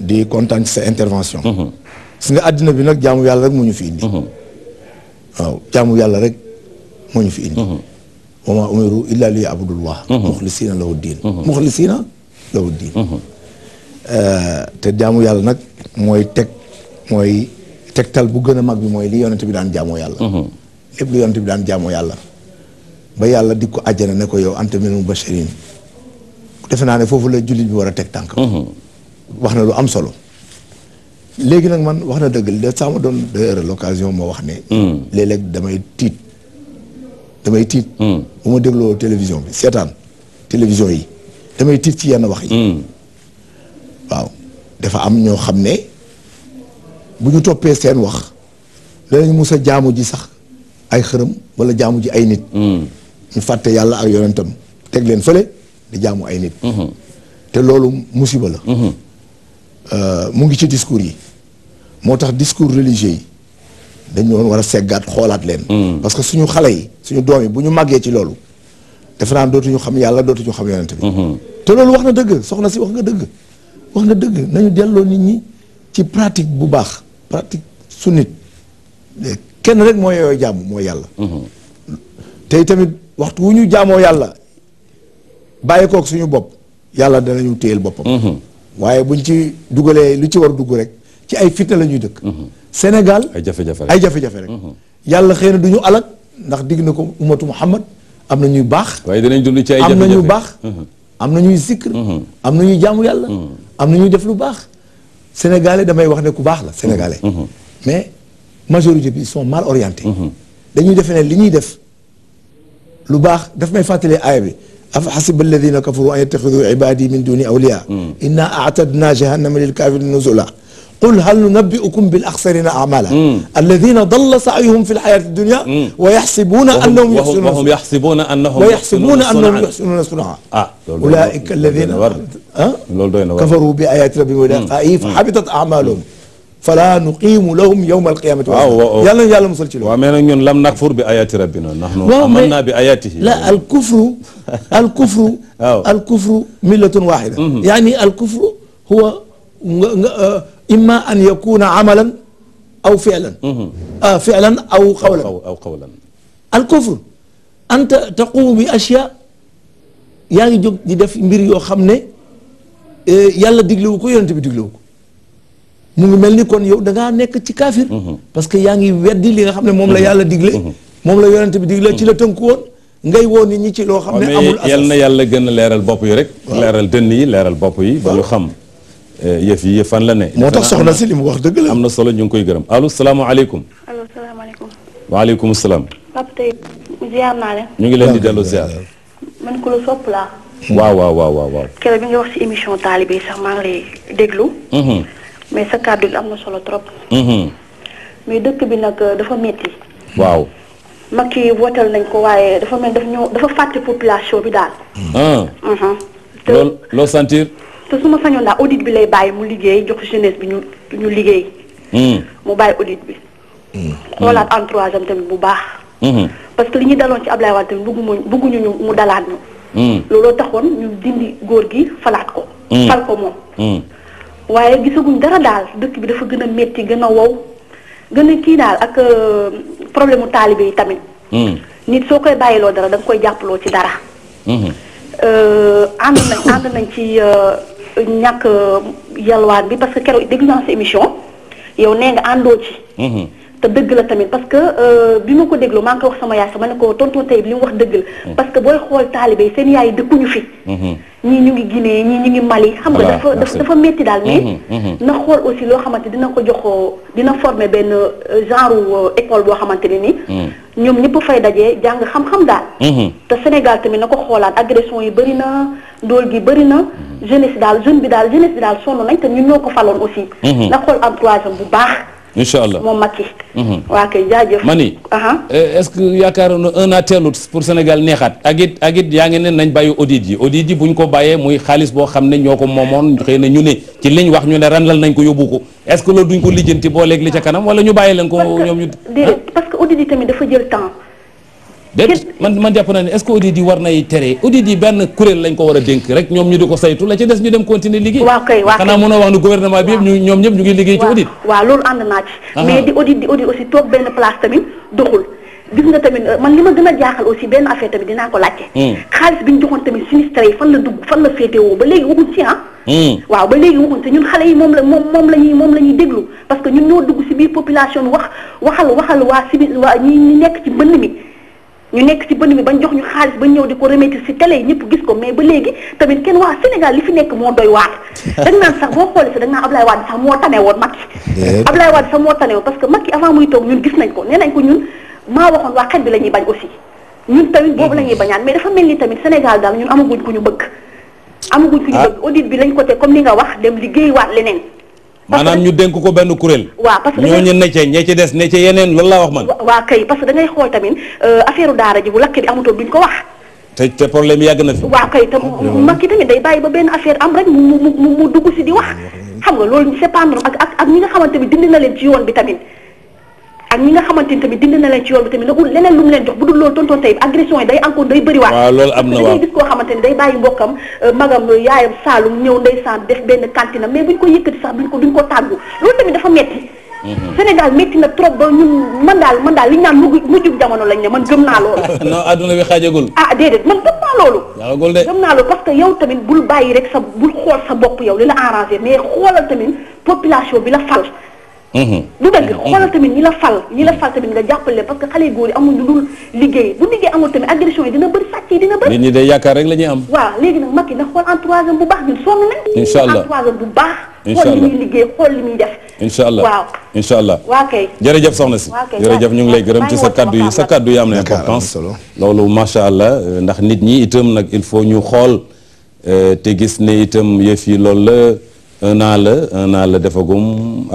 di kontaan ci sa intervention gis nga àddina bi nag jaamu yàlla rek moo ñu fi indi. Mhm. waaw jaamu yàlla rek moo ñu fi indi. Mhm. wa maa umiru illa li abudullah muxlisina mhm. lahu diin muxlisina lahu diin eh, te jaamu yàlla nag mooy teg mooy tegtal bu gën a mag bi mooy li yonent bi daan jaamoo yàlla lépp li yonent bi daan jaamoo yàlla ba yàlla di ko àjjana ne ko yow anta minal mubashirin defe naa foofu la jullit bi war a teg tànk wax na lu am solo léegi nag man wax na dëgg de sax ma doon d'ailleurs l'occasion moo wax ne. Hmm. léeg-léeg damay tiit damay tiit. Hmm. bu ma dégloo télévision bi seetaan télévision yi damay tiit ci yenn wax yi. Hmm. waaw dafa am ñoo xam ne bu ñu toppee seen wax danañ musa a jaamu ji sax ay xërëm wala jaamu ji ay nit. ñu fàtte yàlla ak yonentam teg leen fële di jaamu ay nit. te loolu musiba la. Euh, mu ngi ci discours yi moo tax discours religieux yi dañu war a seggaat xoolaat leen. Mm. parce que suñu xale yi suñu doom yi bu ñu màggee ci loolu defe naa dootuñu xam yàlla dootuñu xam yonent mm-hmm. te loolu wax na dëgg soxna si wax nga dëgg wax nga dëgg nañu delloo nit ñi ci pratique bu baax pratique nit kenn rek moo yooyu jaamu mooy yàlla. Mm-hmm. tey tamit waxtu wu ñu jaamoo yàlla bàyyi kook suñu bopp yàlla danañu téyel boppam. Mm-hmm. waaye bu buñ ci dugalee lu ci war dugg rek ci ay fitna la ñuy dëkk. Mhm. Sénégal ay jafe-jafe rek ay jafe-jafe mhm. yàlla xëy na du ñu alak ndax digg na ko umatu Muhammad am na ñuy baax. waaye dinañ dund ci am na ñuy baax. Mhm. am na ñuy zikr. am na ñuy jaamu yàlla. am na ñuy def lu baax. sénégalais damay wax ne ku baax la sénégalais. mais majorité bi ils mal orientés. dañuy defe li ñuy def lu baax daf may fàttali aaya bi. afa xasiba alladina kafaru an yattaxidu ibadi min duni awliya inna aatadna jahannama lilkafirina nuzula qul hal nunabbi'ukum bil axsarina a'mala alladina dalla sa'yuhum fi lxayati dunya wa yaxsibuuna annahum yuxsinuuna wa yaxsibuuna annahum yuxsinuuna sun'a ulaika alladina kafaru bi ayati rabbihim fa habitat a'maluhum fala nuqiimu lahum yawma alqiyamati waaw yàlla yàlla musal ci loolu waaw mais nag ñun lam nakfur bi ayati rabbina nahnu amanna bi ayatihi la al kufru al kufru waaw al kufru millatun wahida mhm. yaani al kufru huwa euh, imma an yakuna amalan aw filan mhm. ah, filan aw qawlan aw qawlan al kufru anta taqumu bi ashya yaa ngi jóg di def mbir yoo xam ne euh, yàlla diglewu ko yonent bi diglewu ko mu ngi mel ni kon yow da ngaa nekk ci kaafir mhm. parce que yaa ngi weddi li nga xam ne moom la mhm. yàlla digle mhm. moom la yonent bi digle ci la tënku woon ngay woo nit ñi ci loo xam ne amul yal na yàlla gën a leeral bopp yi rek leeral dënn yi leeral bopp yi ba xam eh, yëf yi fan la ne moo tax soxna si li mu wax dëgg la am na solo ñu ngi koy gërëm allo waaleykum salaam papa leen ñu ngi leen di dellu ziar man ko lu sopp laa waaw waaw waaw waaw bi nga wax ci émission taalibe sax maa ngi déglu mais sa kàddu gi am na solo trop. Mm-hmm. mais dëkk bi nag euh, dafa metti waaw. Macky wooteel nañ ko waaye dafa mel dafa ñëw dafa fàtte population bi daal. Ah. Mm-hmm. te loo loo sentir. te su ma sañoon daal audit bi lay bàyyi mu liggéey jox jeunesse bi ñu ñu liggéey. Mm. mu bàyyi audit bi. Mm. xoolaat entourage am tamit bu baax. Mm-hmm. parce que li ñu daloon ci Ablaye Wade tamit bëggu bëgguñu ñu mu dalaat ñu. Mm. looloo taxoon ñu dindi góor gi falaat ko. fal ko moom. waaye gisaguñ dara daal dëkk bi dafa gën a métti gën a wow gën a kii daal ak euh, problème mu taalibe yi tamit. Hmm. nit soo koy bàyyiloo dara da koy jàppaloo ci dara. Hmm. Euh, ànd nañ ànd nañ ci euh, ñàkk yalwaan bi parce que keroog dégg naa émission yow nee nga àndoo ci. Hmm. te dëgg la tamit parce que euh, bi ma ko déglu maa ngi ko wax sama yaay sama ne ko tonton Taïb li mu wax dëgg la mm. parce que booy xool taalibe seen yaay dëkkuñu fi mm-hmm. ñii ñu ngi Guinée ñii ñu ngi Mali xam nga dafa dafa métti daal mais mm-hmm, mm-hmm. na xool aussi loo xamante dina ko jox dina former benn euh, genre euh, école boo xamante ne ni mm. ñoom ñëpp fay dajee jàng xam-xam daal te Sénégal tamit na ko xoolaat agression yi bëri na ndóol gi bëri na jeunesse daal jeune bi daal jeunesse bi daal sonn nañ te ñun ñoo ko faloon aussi na xool entourage bu baax incha allah moom Macky. Mhm. waa kay jaajëf. ma ni eh, est-ce que yaakaaroon na un an pour Sénégal neexaat ak yaa ngi ne nañ bàyyi audit yi audit yi buñ ko bàyyee muy xaalis boo xam ne ñoo ko moomoon xëy na ñu ne ci liñ wax ñu ne ranlal nañ ko yóbbu ko est-ce loolu duñ ko lijjanti boo léegi li ca kanam wala ñu bàyyi leen ko ñoom ñu. déedéet parce que audit yi tamit dafa jël temps. déet man man jàpp naa ne est-ce que audit yi war nay tere audit yi benn kuréel lañ ko war a dénk rek ñoom ñu di ko saytu la ci des ñu dem continuer liggéey waaw kay waaw xanaa mënoo wax ne gouvernement benn place tamit doxul gis nga tamit euh, man a jaaxal aussi benn affaire tamit hmm. ñu joxoon la dugg fan ah. hmm. waaw ba léegi yi moom la moom moom la ñuy moom la ñuy déglu parce que ñun ñoo dugg si biir population bi wax waxal waxal waa simi waa ñi nekk ci mbënn mi ñu nekk ci bënn bi bañ jox ñu xaalis bañ ñëw di ko remettre ci télé yi ñëpp gis ko mais ba léegi tamit kenn waa Sénégal li fi nekk moo doy waar dañ naan sax boo xoolee sax dañ naan Ablaye Wade sax moo tane woon Macky Ablaye Wade sax moo tane woon parce que Macky avant muy toog ñun gis nañ ko nee nañ ko ñun maa waxoon waa xet bi la ñuy bañ aussi ñun tamit boobu la ñuy mm-hmm. bañaan mais dafa mel ni tamit Sénégal daal ñun amaguñ ko ñu bëgg amaguñ ku ñu ah. bëgg audit bi lañ ko te comme ni nga wax dem liggéey waat leneen maanaam ñu dénk ko benn kuréel waaw parce que ñooñu ne ca des ne yeneen loolu laa wax man waaw kay parce que da ngay xool tamit euh, affaire daara a bu lakk bi amutoon duñ ko wax te te problème yàgg na fi waaw kay tam ki tamit day bàyyi ba benn affaire am rek mu mu mu dugg si di wax xam nga loolu c'est pas normal ak ak ak ñi nga xamante bi dindi na leen ci yoon bi tamit ak ñi nga xamante ni tamit dindi na leen ci yoon bi tamit nagul leneen lu mu leen jox bu dul loolu tonton Taïb agression yi day encore day bëriwaat waaw loolu am na waaw euh, euh, benn kantina mais buñ ko yëkkati sax buñ ko duñ ko tàggu loolu tamit dafa metti mhm. Sénégal na trop ba ñun man daal man daal li ñu naan mujj mujjub jamono lañ ne man gëm naa loolu. non adduna bi xaajagul. ah déedéet man gëm naa loolu. jaagul de parce que yow tamit bul bàyyi rek sa bul xool sa bopp yow li la arrangé mais xoolal tamit population bi la fal. Mm-hmm. du dëgg mm-hmm. xoolal tamit ñi la fal ñi la fal tamit nga jàppale parce que xale góor yi amul lu liggéey bu liggéey amul tamit agression yi nit ñi de yaakaar rek lañuy ñuy am na xool entourage allah entourage am bu baax allah jërëjëf soxna si jërëjëf ñu ngi lay gërëm ci sa kaddu yi sa kaddu yi am na importance loolu macha allah ndax nit ñi itam nag il faut ñu xool euh, te gis ne itam yëf yi la un an la naa la defagum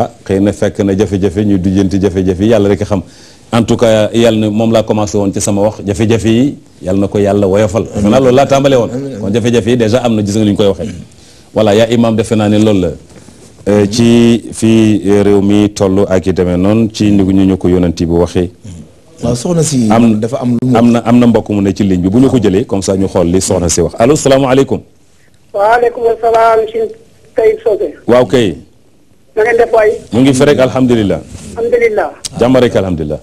ah xëy na fekk na jafe-jafe ñu dujjanti jafe-jafe yi yàlla rekk a xam en tout cas yàlla na moom laa commencé woon ci sama wax jafe-jafe yi yàlla na ko yàlla woyofal. defe naa loolu laa tàmbale woon. kon jafe-jafe am na gis nga ñu koy waxee. voilà yaa imaam defe naa ne loolu la. Euh, ci fii réew mi toll ak yi demee noonu ci ni ñu ñu ko yonanti bu waxee. waaw soxna si am dafa am lu am na am na mbokk mu ne ci ligne bi bu ñu ko jëlee comme ñu xool li soxna si wax allo salaamaaleykum. salaam. Seydou Socé. waaw kay. na ngeen def waay. mu ngi fi rek alhamdulilah. alhamdulilah.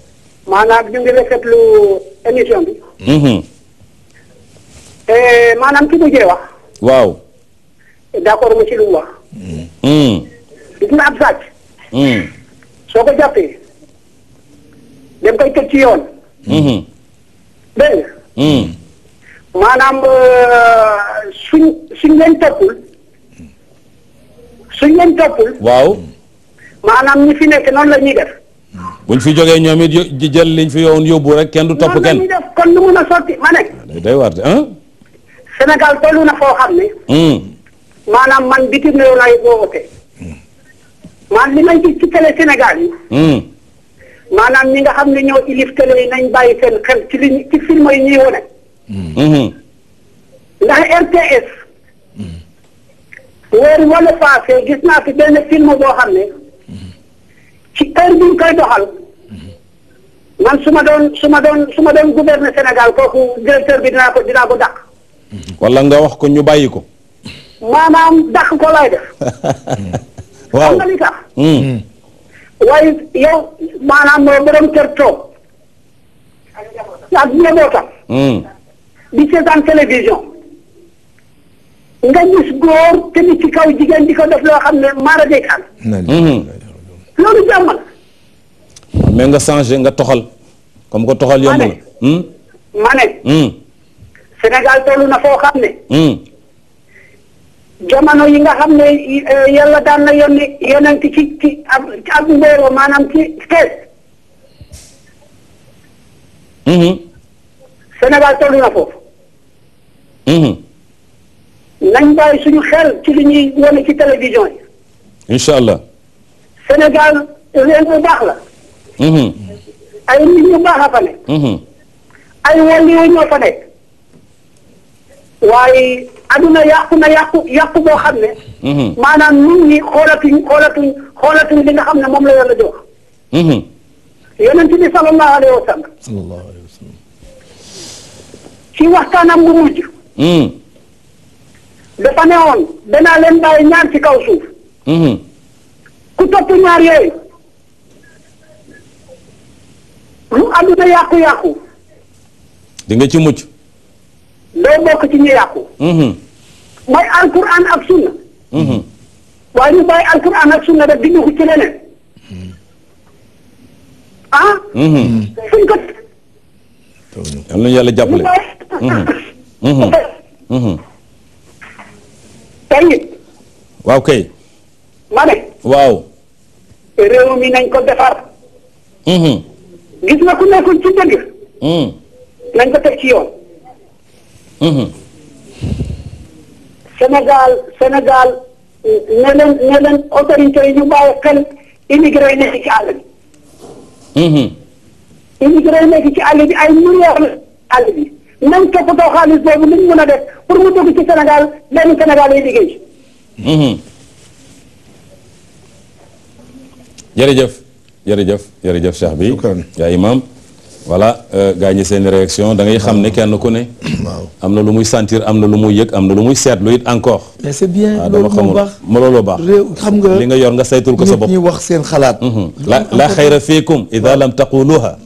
maanaam ñu ngi rafetlu émission mhm. eh, maanaam ki mujjee wax. waaw. d'accord ma ci lu mu wax. Mhm. gis nga ab mhm. dem koy teg yoon. dégg maanaam euh, suñ suñ suñ leen toppul. waaw. maanaam ñi fi nekk noonu la ñuy def. buñ fi jógee ñoom it jël liñ fi yowoon yóbbu rek kenn du topp kenn. noonu kon lu mun a sotti ma ne. day war de ah. tollu na foo xam ne. Hmm. maanaam man bitim réew laay woote. Hmm. maanaam li may gis ci télé Sénégal yi. Hmm. maanaam ñi nga xam ne ñoo ilif télé yi nañ bàyyi seen xel ci li ci film yi ñuy wone. ndax RTS. weer wala passé gis naa fi benn film boo xam ne ci heure bi ñu doxal man su ma doon su ma doon su ma doon gouverner Sénégal kooku directeur bi dinaa ko dinaa ko dàq. wala nga wax ko ñu bàyyi ko. maanaam dàq ko lay def. waaw hmm. yow maanaam borom kër toog. ak ñebe boo tax. Hmm. di seetaan télévision. nga gis góor te kaw jigéen di ko def loo xam ne maara day taal. Mhm. loolu jàmm la. nga changé nga toxal. comme ko toxal yomb la ma hmm? ne. Hmm. Sénégal toll na xam ne. Hmm. jamono yi nga xam ne euh, yàlla daan na yónni yonent ci ci ab ab mbéero maanaam ci kees. Sénégal toll na foofu. nañ bàyyi suñu xel ci li ñuy wane ci télévision yi. incha allah. Sénégal réew bu baax la. Mhm. ay nit ñu baax a fa ne. Mhm. ay wàllu ñoo fa nekk. waaye aduna yàqu na yàqu yàqu boo xam ne. Mhm. maanaam nit ñi xoolatuñ xoolatuñ xoolatuñ li nga xam ne moom la yàlla jox. yonent bi sallallahu alayhi wa ci waxtaanam bu mujj. dafa ne woon danaa leen bàyyi ñaar ci kaw suuf. Mhm. ku topp ñaar yooyu lu àdduna yàqu-yàqu. di nga ci mucc. doo bokk ci ñu yàqu. Mhm. mooy alquran ak sunna. Mhm. waaye ñu bàyyi alquran ak sunna def dindi ko ci leneen. ah. suñ ko. am na yàlla jàppale. sànni. waaw kay. ma waaw. réew mi nañ ko defar. Mhm. gis nga ku nekkul ci dëgg. Mhm. nañ ko teg ci yoon. Mhm. Sénégal Sénégal ne leen ne leen autorités yi ñu bàyyi xel immigré yi nekk ci àll bi. immigré yi ci àll bi ay milliards àll bi. nañ toppatoo xaalis boobu luñ mën a def pour mu dugg ci Sénégal benn Sénégal lay liggéey. jërëjëf jërëjëf jërëjëf Cheikh bi. yaa imam voilà euh, gaa ñi seen réaction da ngay xam ne kenn ku ne. waaw am na lu muy sentir am na lu muy yëg am na lu muy seetlu it encore. mais c'est bien ah, ma looloo baax. xam li nga yor nga saytul ko sa bopp. nit wax seen xalaat. la la xayra fiikum. waaw idaa lam taquluha.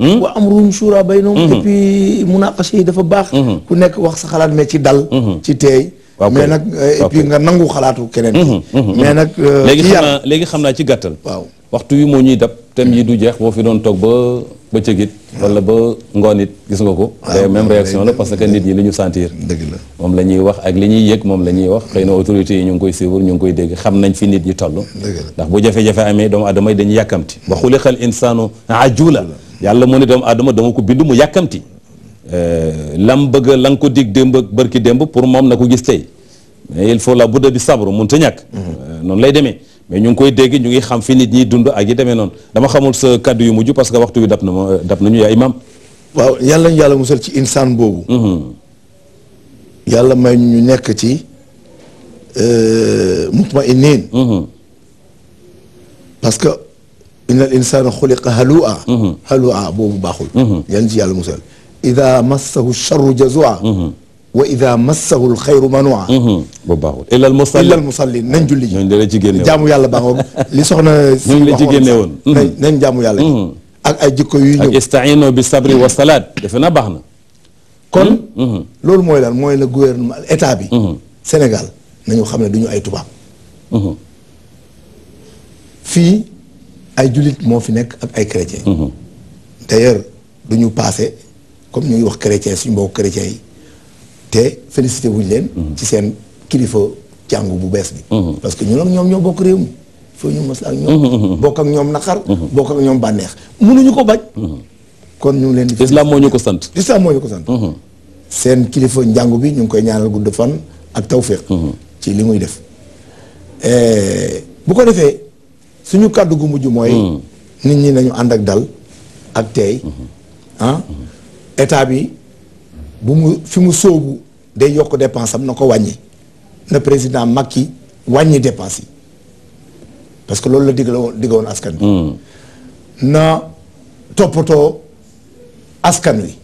Hmm? wa amruhum shura baynahum hmm. et puis munaqasha yi dafa baax hmm. ku nekk wax sa xalaat mais ci dal ci teey mais nag euh, et puis nga nangu xalaatu keneen ki mais nag euh, léegi xam naa léegi xam naa ci gàttal waaw waxtu yi moo ñuy dab thème yi du jeex boo fi doon toog ba bëccëg it wala ba ngoon it gis nga ko ah, même réaction la parce que nit ñi li ñu sentir dëgg la moom la ñuy wax ak li ñuy yëg moom la ñuy wax xëy na autorités yi ñu ngi koy suivre ñu ngi koy dégg xam nañ fi nit ñi toll ndax bu jafe-jafe amee doomu dañuy yàkkamti wa xuliqal insaanu ajula yàlla moo ne doomu aadama dama ko bind mu yàkkamti euh, lam bëgg la nga ko dig démb bërki démb pour moom na ko gis tey mais il faut la budda bi sabru mun sa ñàkk mhm. euh, noonu lay demee mais ñu ngi koy dégg ñu ngi xam fi nit ñi dund ak yi demee noon dama xamul sa kàddu yu mujj parce que waxtu bi dab na ma euh, dab nañu yaa imam waaw yàlla ñu yàlla musal ci insaan boobu mhm. yàlla may ñu nekk ci inin mhm. parce que inna al insana xuliqa halua halua boobu baaxul yan ci yàlla musal ida massahu charru jazua wa ida massahu alxayru manua boobu baaxul illa al musallin illa al musallin nañ julli ji ñooñu la ci génne jaamu yàlla baaxoon li soxna si ñooñu la ci génne woon nañ nañ jaamu yàlla ak ay jikko yu ñëw ak istaino bi sabri wa salaat defe na baax na kon hmm? loolu mooy lan mooy le gouvernement état bi Sénégal nañu xam ne du ñu ay tubaab fii ay jullit moo fi nekk ak ay chrétiens. Mhm. d'ailleurs du ñu passé comme ñu ngi wax chrétien suñu mbokk chrétiens yi te félicité wuñ leen. Mhm. ci seen kilifa jàngu bu bees bi. Mhm. parce que ñun ak ñoom ñoo bokk réew mi foo ñu mos ak ñoom. bokk ak ñoom naqar. bokk ak ñoom bànneex mënuñu ko bañ. kon ñu ngi leen di. islam moo ñu ko sant. islam moo ñu ko sant. seen kilifa njàngu bi ñu ngi koy ñaanal gudd fan ak tawféex. ci li muy def eh, bu ko defee. suñu kàddu gu mujj mooy hmm. nit ñi nañu ànd ak dal ak teey hmm. ah hmm. état bi bu mu fi mu sóobu day yokk dépense am na ko wàññi na président mag Macky wàññi dépense yi parce que loolu la digg la woon askan bi na toppatoo askan wi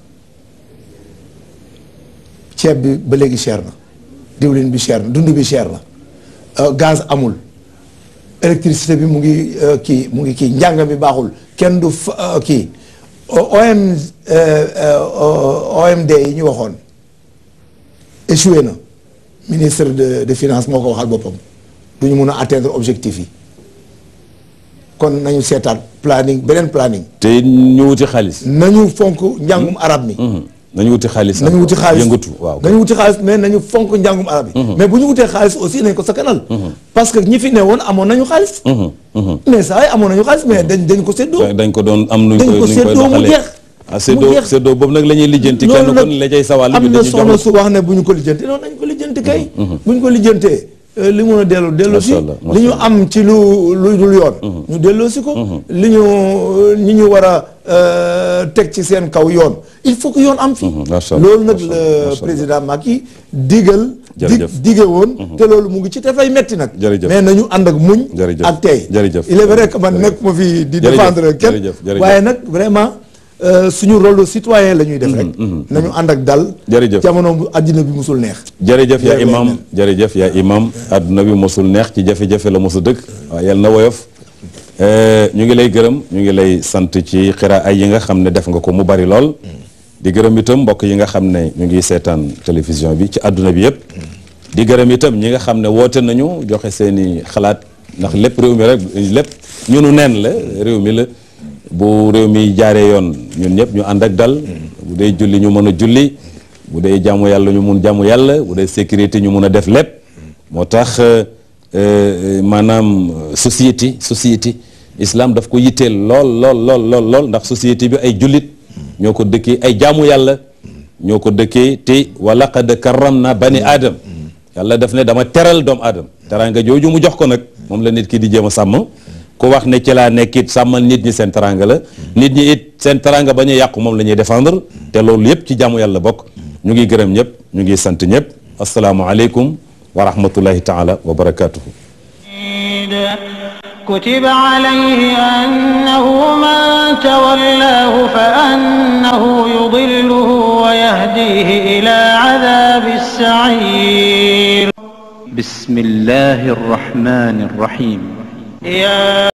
ceeb bi ba léegi cher na diwlin bi cher na dund bi cher na euh, gaz amul électricité bi mu ngi euh, kii mu ngi kii njàngam bi baaxul kenn du euh, kii OM euh, OMD yi ñu waxoon échoué na ministre de de finance moo ko waxal boppam du ñu mun a atteindre objectif yi kon nañu seetaat planning beneen planning. te ñu wuti xaalis. nañu fonk njàngum arab mi. Mm-hmm. nañu wuti xaalis nañu waaw nañu wuti xaalis mais nañu fonk njàngum arab yi mhm. mais bu ñu wutee xaalis aussi nañ ko sakkanal mhm. parce que ñi fi ne woon amoon nañu xaalis mhm. mais saa yi amoon nañu xaalis mais dañ ko séddoo dañ ko doon am nuñ dañ ko séddoo mu jeex ah boobu nag la lijjanti kenn kon la cay sawal am na soxna su wax ne bu ñu ko lijjanti noonu nañ ko lijjanti kay bu ñu ko lijjantee Euh, li mun a delloo delloo si li ñu am ci lu lu dul yoon mhm. ñu delloo si ko mhm. li ñu euh, ñi ñu war a euh, teg ci seen kaw yoon il faut que yoon am fi mhm, loolu nag la président Macky digal di dige woon te loolu mu ngi ci dafay metti nag mais nañu ànd ak muñ ak tey il est vrai que man ma fi di défendre kenn waaye nag vraiment Euh, suñu rôle citoyen la ñuy def rek. Mm-hmm, mm-hmm. nañu ànd ak dal. jërëjëf jamono bu àddina bi mosul neex. jërëjëf yaa imam jërëjëf yaa àdduna bi mosul neex ci jafe-jafe la mosu dëkk. waaw yal na woyof euh, ñu ngi lay gërëm ñu ngi lay sant ci xiraa ay yi nga xam ne def nga ko mu bari lool. di gërëm itam mbokk yi nga xam ne ñu ngi seetaan télévision bi ci àdduna bi yëpp. di gërëm itam ñi nga xam ne woote nañu joxe seen i xalaat ndax lépp réew mi rek lépp ñunu neen la réew mi la. bu réew mi jaaree yoon ñun ñëpp ñu ànd ak dal bu dee julli ñu mën a julli bu dee jàmmu yàlla ñu mun jàmmu yàlla bu dee sécurité ñu mun a def lépp moo tax euh, euh, maanaam société société islam daf ko yittee lool lool lool ndax société bi ay jullit ñoo ko dëkkee ay jaamu yàlla ñoo ko dëkkee te wa laqad karram na bani aadam yàlla daf ne dama teral doomu aadam teraanga jooju mu jox ko nag moom la nit kii di jéem a sàmm ku wax ne ci laa nekk it sàmmal nit ñi seen teranga la nit ñi it seen teranga bañ a yàqu moom la ñuy défendre te loolu yëpp ci jaamu yàlla bokk ñu ngi gërëm ñëpp ñu ngi sant ñëpp asalaamualeykum wa rahmatullahi taala wa barakatuhu kutiba alayhi annahu man tawallahu fa annahu yudilluhu wa yahdihi ila adabi sair bismillahi arrahmani arrahim يا